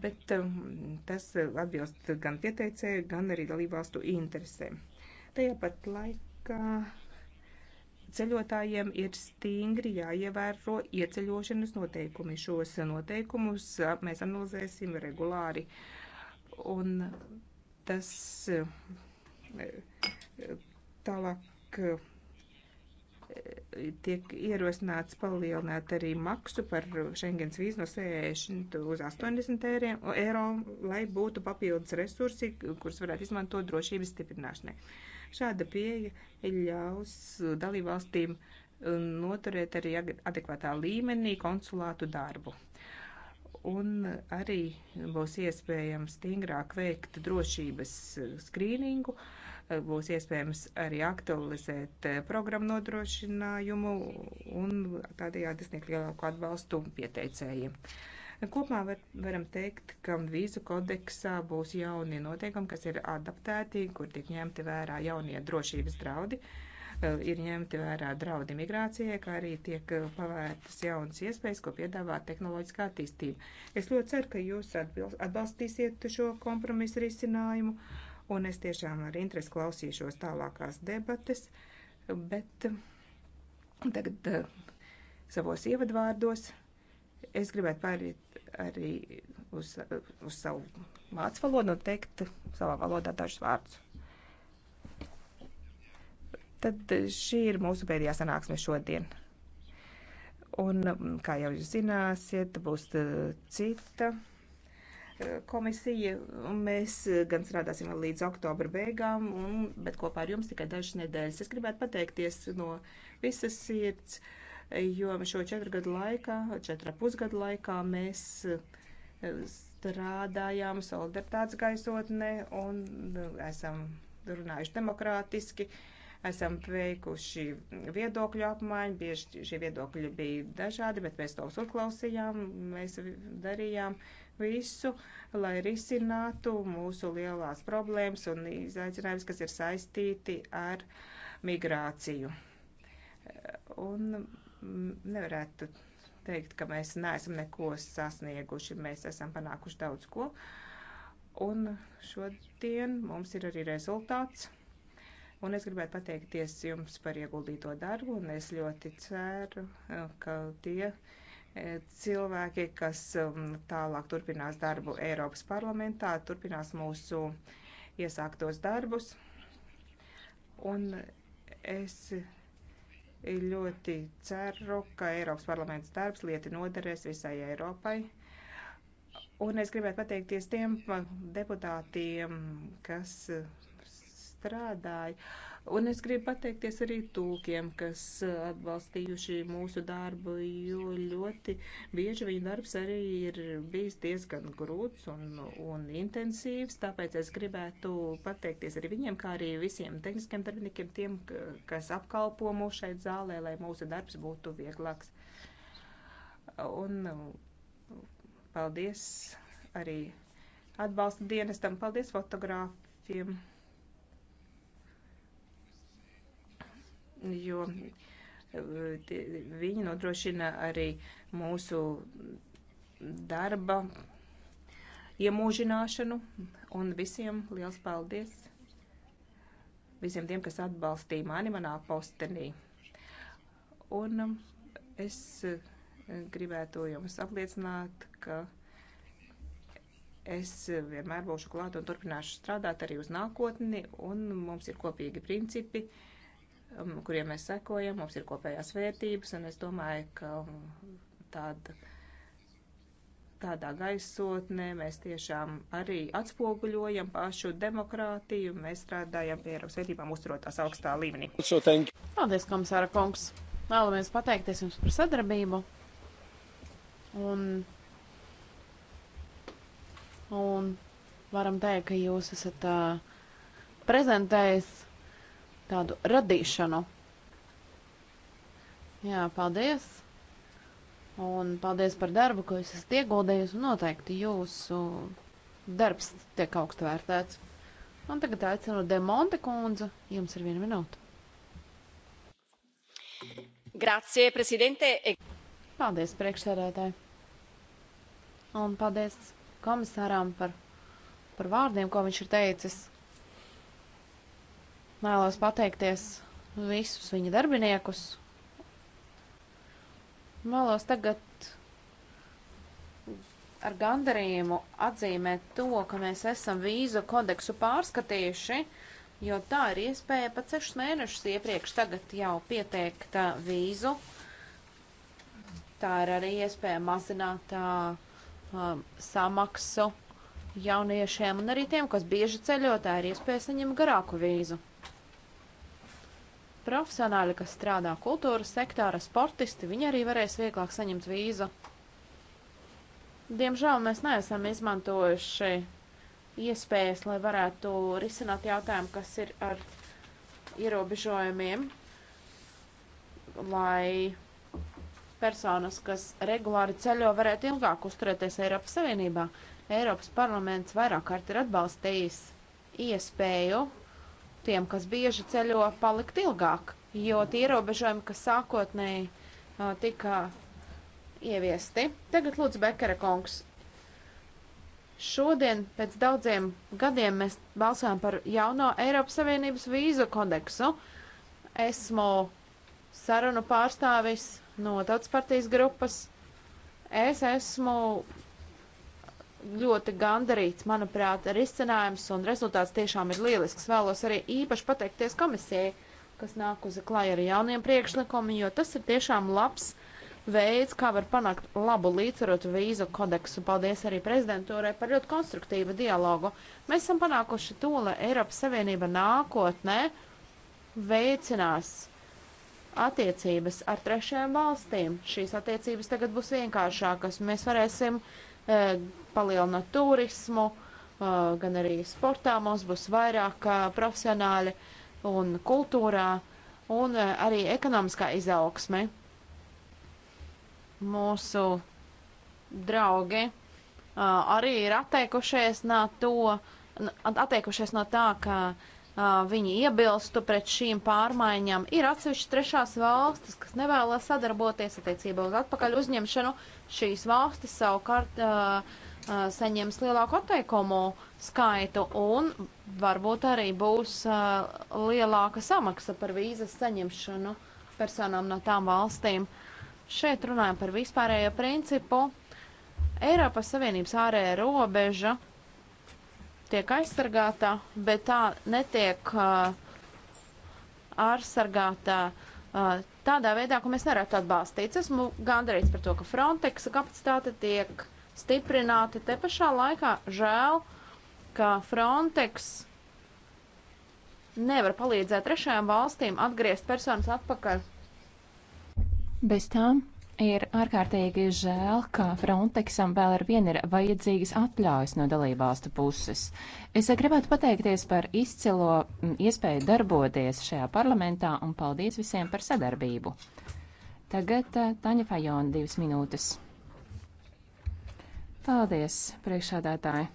[SPEAKER 2] bet um, tas atbilst gan pieteicēju, gan arī dalībvalstu interesēm. Tajā pat laikā ceļotājiem ir stingri jāievēro ieceļošanas noteikumi. Šos noteikumus mēs analizēsim regulāri. Un tas tālāk tiek ierosināts palielināt arī maksu par Schengens vīzu no 60 uz 80 eiro, lai būtu papildus resursi, kurus varētu izmantot drošības stiprināšanai. Šāda pieeja ļaus dalībvalstīm um, noturēt arī adekvātā līmenī konsulātu darbu un arī būs iespējams stingrāk veikt drošības uh, skrīningu būs iespējams arī aktualizēt eh, programmu nodrošinājumu un tādējādi sniegt lielāku atbalstu pieteicējiem. Kopumā var, varam teikt, ka vīzu kodeksā būs jauni noteikumi, kas ir adaptēti, kur tiek ņemti vērā jaunie drošības draudi, eh, ir ņemti vērā draudi migrācijai, kā arī tiek eh, pavērtas jaunas iespējas, ko piedāvā tehnoloģiskā attīstība. Es ļoti ceru, ka jūs atbalstīsiet šo kompromisu risinājumu. Uh, un es tiešām ar interesi klausīšos tālākās debates, bet tagad eh, savos ievadvārdos es gribētu pāriet arī uz, uz savu vācu valodu un teikt savā valodā dažus vārdus. Tad šī ir mūsu pēdējā sanāksme šodien. Un, mm, kā jau jūs zināsiet, būs eh, cita komisija. Mēs eh, gan strādāsim līdz oktobra beigām, un, bet kopā ar jums tikai dažas nedēļas. Es gribētu pateikties no visas sirds, jo šo četru gadu laikā, četra pusgadu laikā mēs eh, strādājām solidaritātes gaisotnē un eh, esam runājuši demokrātiski. Esam veikuši viedokļu apmaiņu, bieži šie viedokļi bija dažādi, bet mēs tos uzklausījām, mēs darījām uh, visu, lai risinātu mūsu lielās problēmas un izaicinājumus, kas ir saistīti ar migrāciju. Un nevarētu teikt, ka mēs neesam neko sasnieguši, mēs esam panākuši daudz ko. Un šodien mums ir arī rezultāts. Un es gribētu pateikties jums par ieguldīto darbu, un es ļoti ceru, ka tie. Uh, E, cilvēki, kas um, tālāk turpinās darbu Eiropas parlamentā, turpinās mūsu iesāktos darbus. Un es ļoti ceru, ka Eiropas parlaments darbs lieti noderēs visai Eiropai. Un es gribētu pateikties tiem deputātiem, kas strādāja Un es gribu pateikties arī tūkiem, kas uh, atbalstījuši mūsu darbu, jo ļoti bieži viņa darbs arī ir bijis diezgan grūts un, un intensīvs, tāpēc es gribētu pateikties arī viņiem, kā arī visiem tehniskiem darbiniekiem, tiem, kas apkalpo mūs šeit zālē, lai mūsu darbs būtu vieglāks. Un paldies arī atbalsta dienestam, paldies fotogrāfiem. jo e, viņi nodrošina arī mūsu darba iemūžināšanu. Un visiem liels paldies! Visiem tiem, kas atbalstīja mani manā postenī. Un um, es e, gribētu jums apliecināt, ka es e, vienmēr būšu klāt un turpināšu strādāt arī uz nākotni, un mums ir kopīgi principi. Uh, Um, kuriem mēs sekojam, mums ir kopējās vērtības, un es domāju, ka um, tāda, tādā gaisotnē mēs tiešām arī atspoguļojam pašu demokrātiju, mēs strādājam pie Eiropas vērtībām uzturotās augstā līmenī. Paldies, komisāra
[SPEAKER 1] kungs! Vēlamies pateikties jums par sadarbību. Un, un varam teikt, ka jūs esat uh, prezentējis tādu radīšanu. Jā, paldies! Un paldies par darbu, ko jūs esat ieguldījis, un noteikti jūsu darbs tiek augstu vērtēts. Un tagad aicinu Demonte kundzu, jums ir viena minūte.
[SPEAKER 4] Grazie, prezidente!
[SPEAKER 1] Paldies, priekšsēdētāji! Un paldies komisāram par, par vārdiem, ko viņš ir teicis. Vēlos pateikties visus viņa darbiniekus. Vēlos tagad ar gandarījumu atzīmēt to, ka mēs esam vīzu kodeksu pārskatījuši, jo tā ir iespēja pat sešus mēnešus iepriekš tagad jau pieteikt uh, vīzu. Tā ir arī iespēja mazināt uh, um, samaksu jauniešiem un arī tiem, kas bieži ceļo, tā ir iespēja saņemt garāku vīzu profesionāļi, kas strādā kultūras sektāra, sportisti, viņi arī varēs vieglāk saņemt vīzu. Diemžēl mēs neesam izmantojuši iespējas, lai varētu risināt jautājumu, kas ir ar ierobežojumiem, lai personas, kas regulāri ceļo, varētu ilgāk uzturēties Eiropas Savienībā. Eiropas parlaments vairāk kārt ir atbalstījis iespēju tiem, kas bieži ceļo, palikt ilgāk, jo tie ierobežojumi, kas sākotnēji tika ieviesti. Tagad lūdzu Bekara kungs. Šodien pēc daudziem gadiem mēs balsojam par jauno Eiropas Savienības vīzu kodeksu. Esmu sarunu pārstāvis no tautas partijas grupas. Es esmu ļoti gandarīts, manuprāt, risinājums un rezultāts tiešām ir lielisks. Vēlos arī īpaši pateikties komisijai, kas nāk uz klāja ar jauniem priekšlikumiem, jo tas ir tiešām labs veids, kā var panākt labu līdzsvarotu vīzu kodeksu. Paldies arī prezidentūrai par ļoti konstruktīvu dialogu. Mēs esam panākuši to, lai Eiropas Savienība nākotnē veicinās attiecības ar trešajām valstīm. Šīs attiecības tagad būs vienkāršākas. Mēs varēsim uh, palielina turismu, gan arī sportā mums būs vairāk profesionāļi un kultūrā un arī ekonomiskā izaugsme. Mūsu draugi arī ir atteikušies no to, atteikušies no tā, ka uh, viņi iebilstu pret šīm pārmaiņām. Ir atsevišķas trešās valstis, kas nevēlas sadarboties attiecībā uz atpakaļ uzņemšanu. Šīs valstis savukārt uh, uh, saņems lielāku atteikumu skaitu un varbūt arī būs uh, lielāka samaksa par vīzas saņemšanu personām no tām valstīm. Šeit runājam par vispārējo principu. Eiropas Savienības ārējā robeža tiek aizsargātā, bet tā netiek uh, ārsargātā uh, tādā veidā, ka mēs nevarētu atbalstīt. Esmu gandarīts par to, ka Frontex kapacitāte tiek stiprināta. Te pašā laikā žēl, ka Frontex nevar palīdzēt trešajām valstīm atgriezt personas atpakaļ.
[SPEAKER 4] Bez tām Ir ārkārtīgi žēl, ka Frontexam vēl ar vienu ir vajadzīgas atļaujas no dalībvalstu puses. Es gribētu pateikties par izcilo mm, iespēju darboties šajā parlamentā un paldies visiem par sadarbību. Tagad eh, Taņa Fajona divas minūtes. Paldies, priekšādātāji.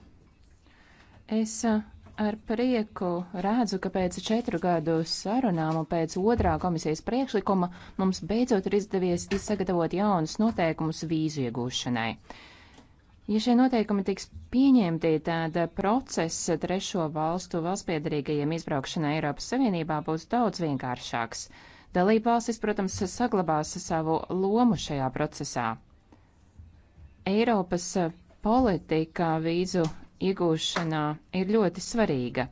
[SPEAKER 4] Es eh, Ar prieku redzu, ka pēc četru gadu sarunām un pēc otrā komisijas priekšlikuma mums beidzot ir izdevies sagatavot jaunus noteikumus vīzu iegūšanai. Ja šie noteikumi tiks pieņemti, tad process trešo valstu valstspiedarīgajiem izbraukšanai Eiropas Savienībā būs daudz vienkāršāks. Dalība valstis, protams, saglabās savu lomu šajā procesā. Eiropas politika vīzu iegūšanā ir ļoti svarīga.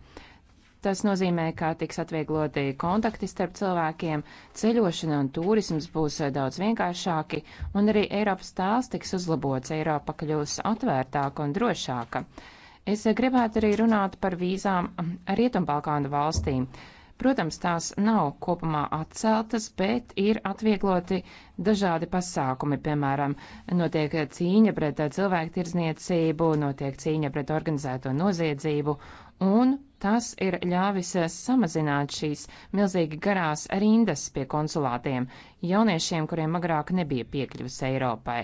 [SPEAKER 4] Tas nozīmē, ka tiks atviegloti kontakti starp cilvēkiem, ceļošana un turisms būs daudz vienkāršāki, un arī Eiropas tēls tiks uzlabots, Eiropa kļūs atvērtāka un drošāka. Es gribētu arī runāt par vīzām Rietumbalkānu valstīm. Protams, tās nav kopumā atceltas, bet ir atviegloti dažādi pasākumi, piemēram, notiek cīņa pret cilvēku tirzniecību, notiek cīņa pret organizēto noziedzību, un tas ir ļāvis samazināt šīs milzīgi garās rindas pie konsulātiem jauniešiem, kuriem agrāk nebija piekļuvis Eiropai.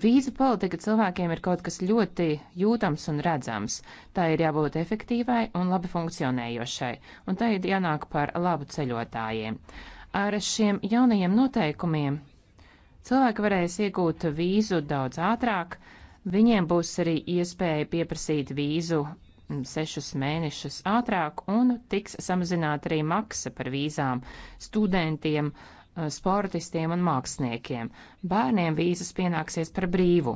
[SPEAKER 4] Vīzu politika cilvēkiem ir kaut kas ļoti jūtams un redzams. Tā ir jābūt efektīvai un labi funkcionējošai, un tā ir jānāk par labu ceļotājiem. Ar šiem jaunajiem noteikumiem cilvēki varēs iegūt vīzu daudz ātrāk, viņiem būs arī iespēja pieprasīt vīzu sešus mēnešus ātrāk un tiks samazināta arī maksa par vīzām studentiem, Eh, sportistiem un māksliniekiem. Bērniem vīzas pienāksies par brīvu.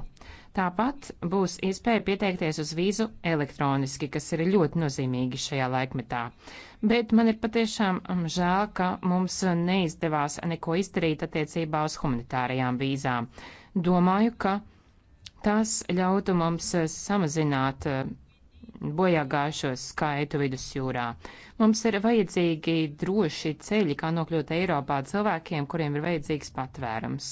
[SPEAKER 4] Tāpat būs iespēja pieteikties uz vīzu elektroniski, kas ir ļoti nozīmīgi šajā laikmetā. Bet man ir patiešām mm, žēl, ka mums neizdevās neko izdarīt attiecībā uz humanitārajām vīzām. Domāju, ka tas ļautu mums samazināt eh, bojā gājušos skaitu vidusjūrā. Mums ir vajadzīgi droši ceļi, kā nokļūt Eiropā cilvēkiem, kuriem ir vajadzīgs patvērums.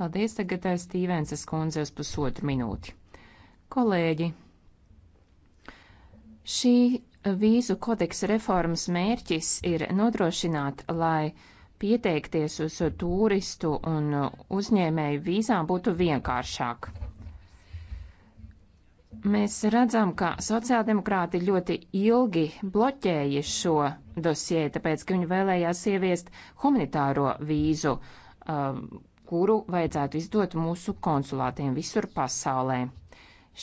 [SPEAKER 4] Paldies tagad eh, Stīvensas kundze uz pusotru minūti. Kolēģi, šī vīzu kodeksa reformas mērķis ir nodrošināt, lai pieteikties uz turistu un uzņēmēju vīzām būtu vienkāršāk. Mēs redzam, ka sociāldemokrāti ļoti ilgi bloķēja šo dosie, tāpēc, ka viņi vēlējās ieviest humanitāro vīzu, um, kuru vajadzētu izdot mūsu konsulātiem visur pasaulē.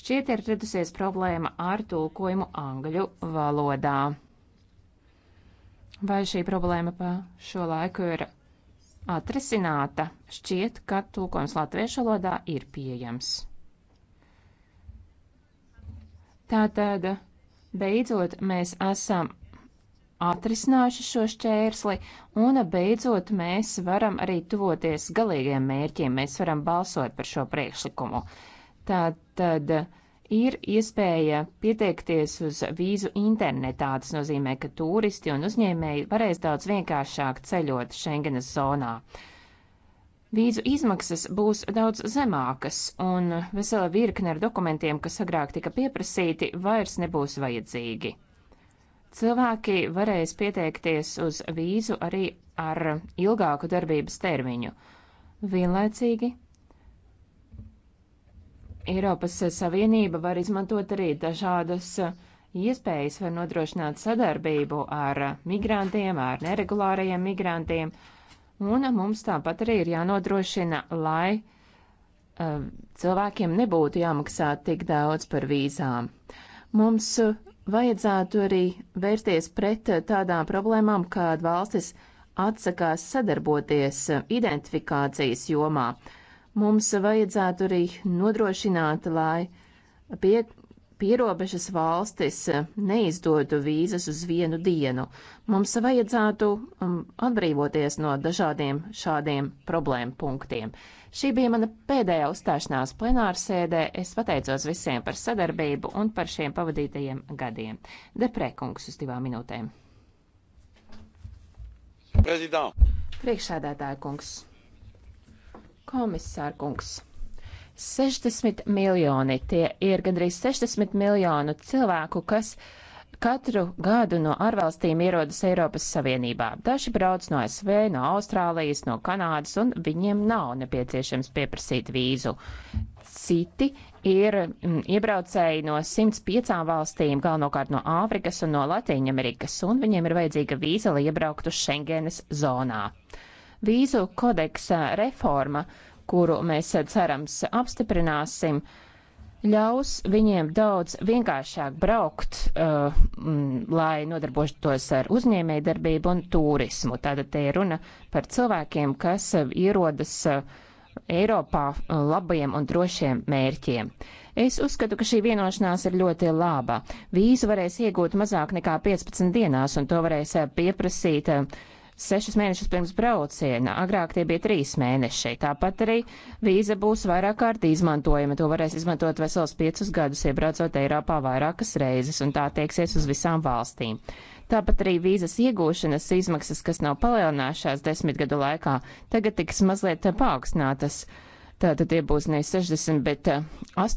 [SPEAKER 4] Šķiet ir redusies problēma ar tulkojumu angļu valodā. Vai šī problēma pa šo laiku ir atrisināta? Šķiet, ka tulkojums latviešu valodā ir pieejams. Tātad, beidzot, mēs esam atrisinājuši šo šķērsli, un beidzot mēs varam arī tuvoties galīgiem mērķiem, mēs varam balsot par šo priekšlikumu. Tātad ir iespēja pieteikties uz vīzu internetā, tas nozīmē, ka turisti un uzņēmēji varēs daudz vienkāršāk ceļot Schengenas zonā. Uh, Vīzu izmaksas būs daudz zemākas, un vesela virkne ar dokumentiem, kas agrāk tika pieprasīti, vairs nebūs vajadzīgi. Cilvēki varēs pieteikties uz vīzu arī ar ilgāku darbības termiņu. Vienlaicīgi Eiropas Savienība var izmantot arī dažādas iespējas, var nodrošināt sadarbību ar migrantiem, ar neregulārajiem migrantiem. migrantiem Un mums tāpat arī ir jānodrošina, lai uh, cilvēkiem nebūtu jāmaksā tik daudz par vīzām. Mums uh, vajadzētu arī vērsties pret uh, tādām problēmām, kāda valstis atsakās sadarboties uh, identifikācijas jomā. Mums vajadzētu arī nodrošināt, lai pie, pierobežas valstis eh, neizdodu vīzas uz vienu dienu. Mums vajadzētu um, atbrīvoties no dažādiem šādiem problēmu punktiem. Šī bija mana pēdējā uzstāšanās plenārsēdē. Es pateicos visiem par sadarbību un par šiem pavadītajiem gadiem. Deprēkungs uz divām minūtēm. Prezident. Priekšsēdētāja kungs. Komisāra kungs. 60 miljoni. Tie ir gandrīz 60 miljonu cilvēku, kas katru gadu no ārvalstīm ierodas Eiropas Savienībā. Daži brauc no ASV, no Austrālijas, no Kanādas, un viņiem nav nepieciešams pieprasīt vīzu. Citi ir mm, iebraucēji no 105 valstīm, galvenokārt no Āfrikas un no Latīņamerikas, un viņiem ir vajadzīga vīza, lai iebrauktu Schengenes zonā. Vīzu kodeksa eh, reforma uh, kuru mēs cerams apstiprināsim, ļaus viņiem daudz vienkāršāk braukt, uh, m, lai nodarbotos ar uzņēmējdarbību un turismu. Tātad te ir runa par cilvēkiem, kas ierodas uh, Eiropā uh, labajiem un drošiem mērķiem. Es uzskatu, ka šī vienošanās ir ļoti laba. Vīzu varēs iegūt mazāk nekā 15 dienās, un to varēs uh, pieprasīt uh, sešus mēnešus pirms brauciena. Agrāk tie bija trīs mēneši. Tāpat arī vīza būs vairāk kārt izmantojama. To varēs izmantot vesels piecus gadus, iebraucot Eiropā vairākas reizes, un tā attieksies uz visām valstīm. Tāpat arī vīzas iegūšanas izmaksas, kas nav palielinājušās desmit gadu laikā, tagad tiks mazliet paaugstinātas. Tātad tie būs ne 60, bet 80. Eh,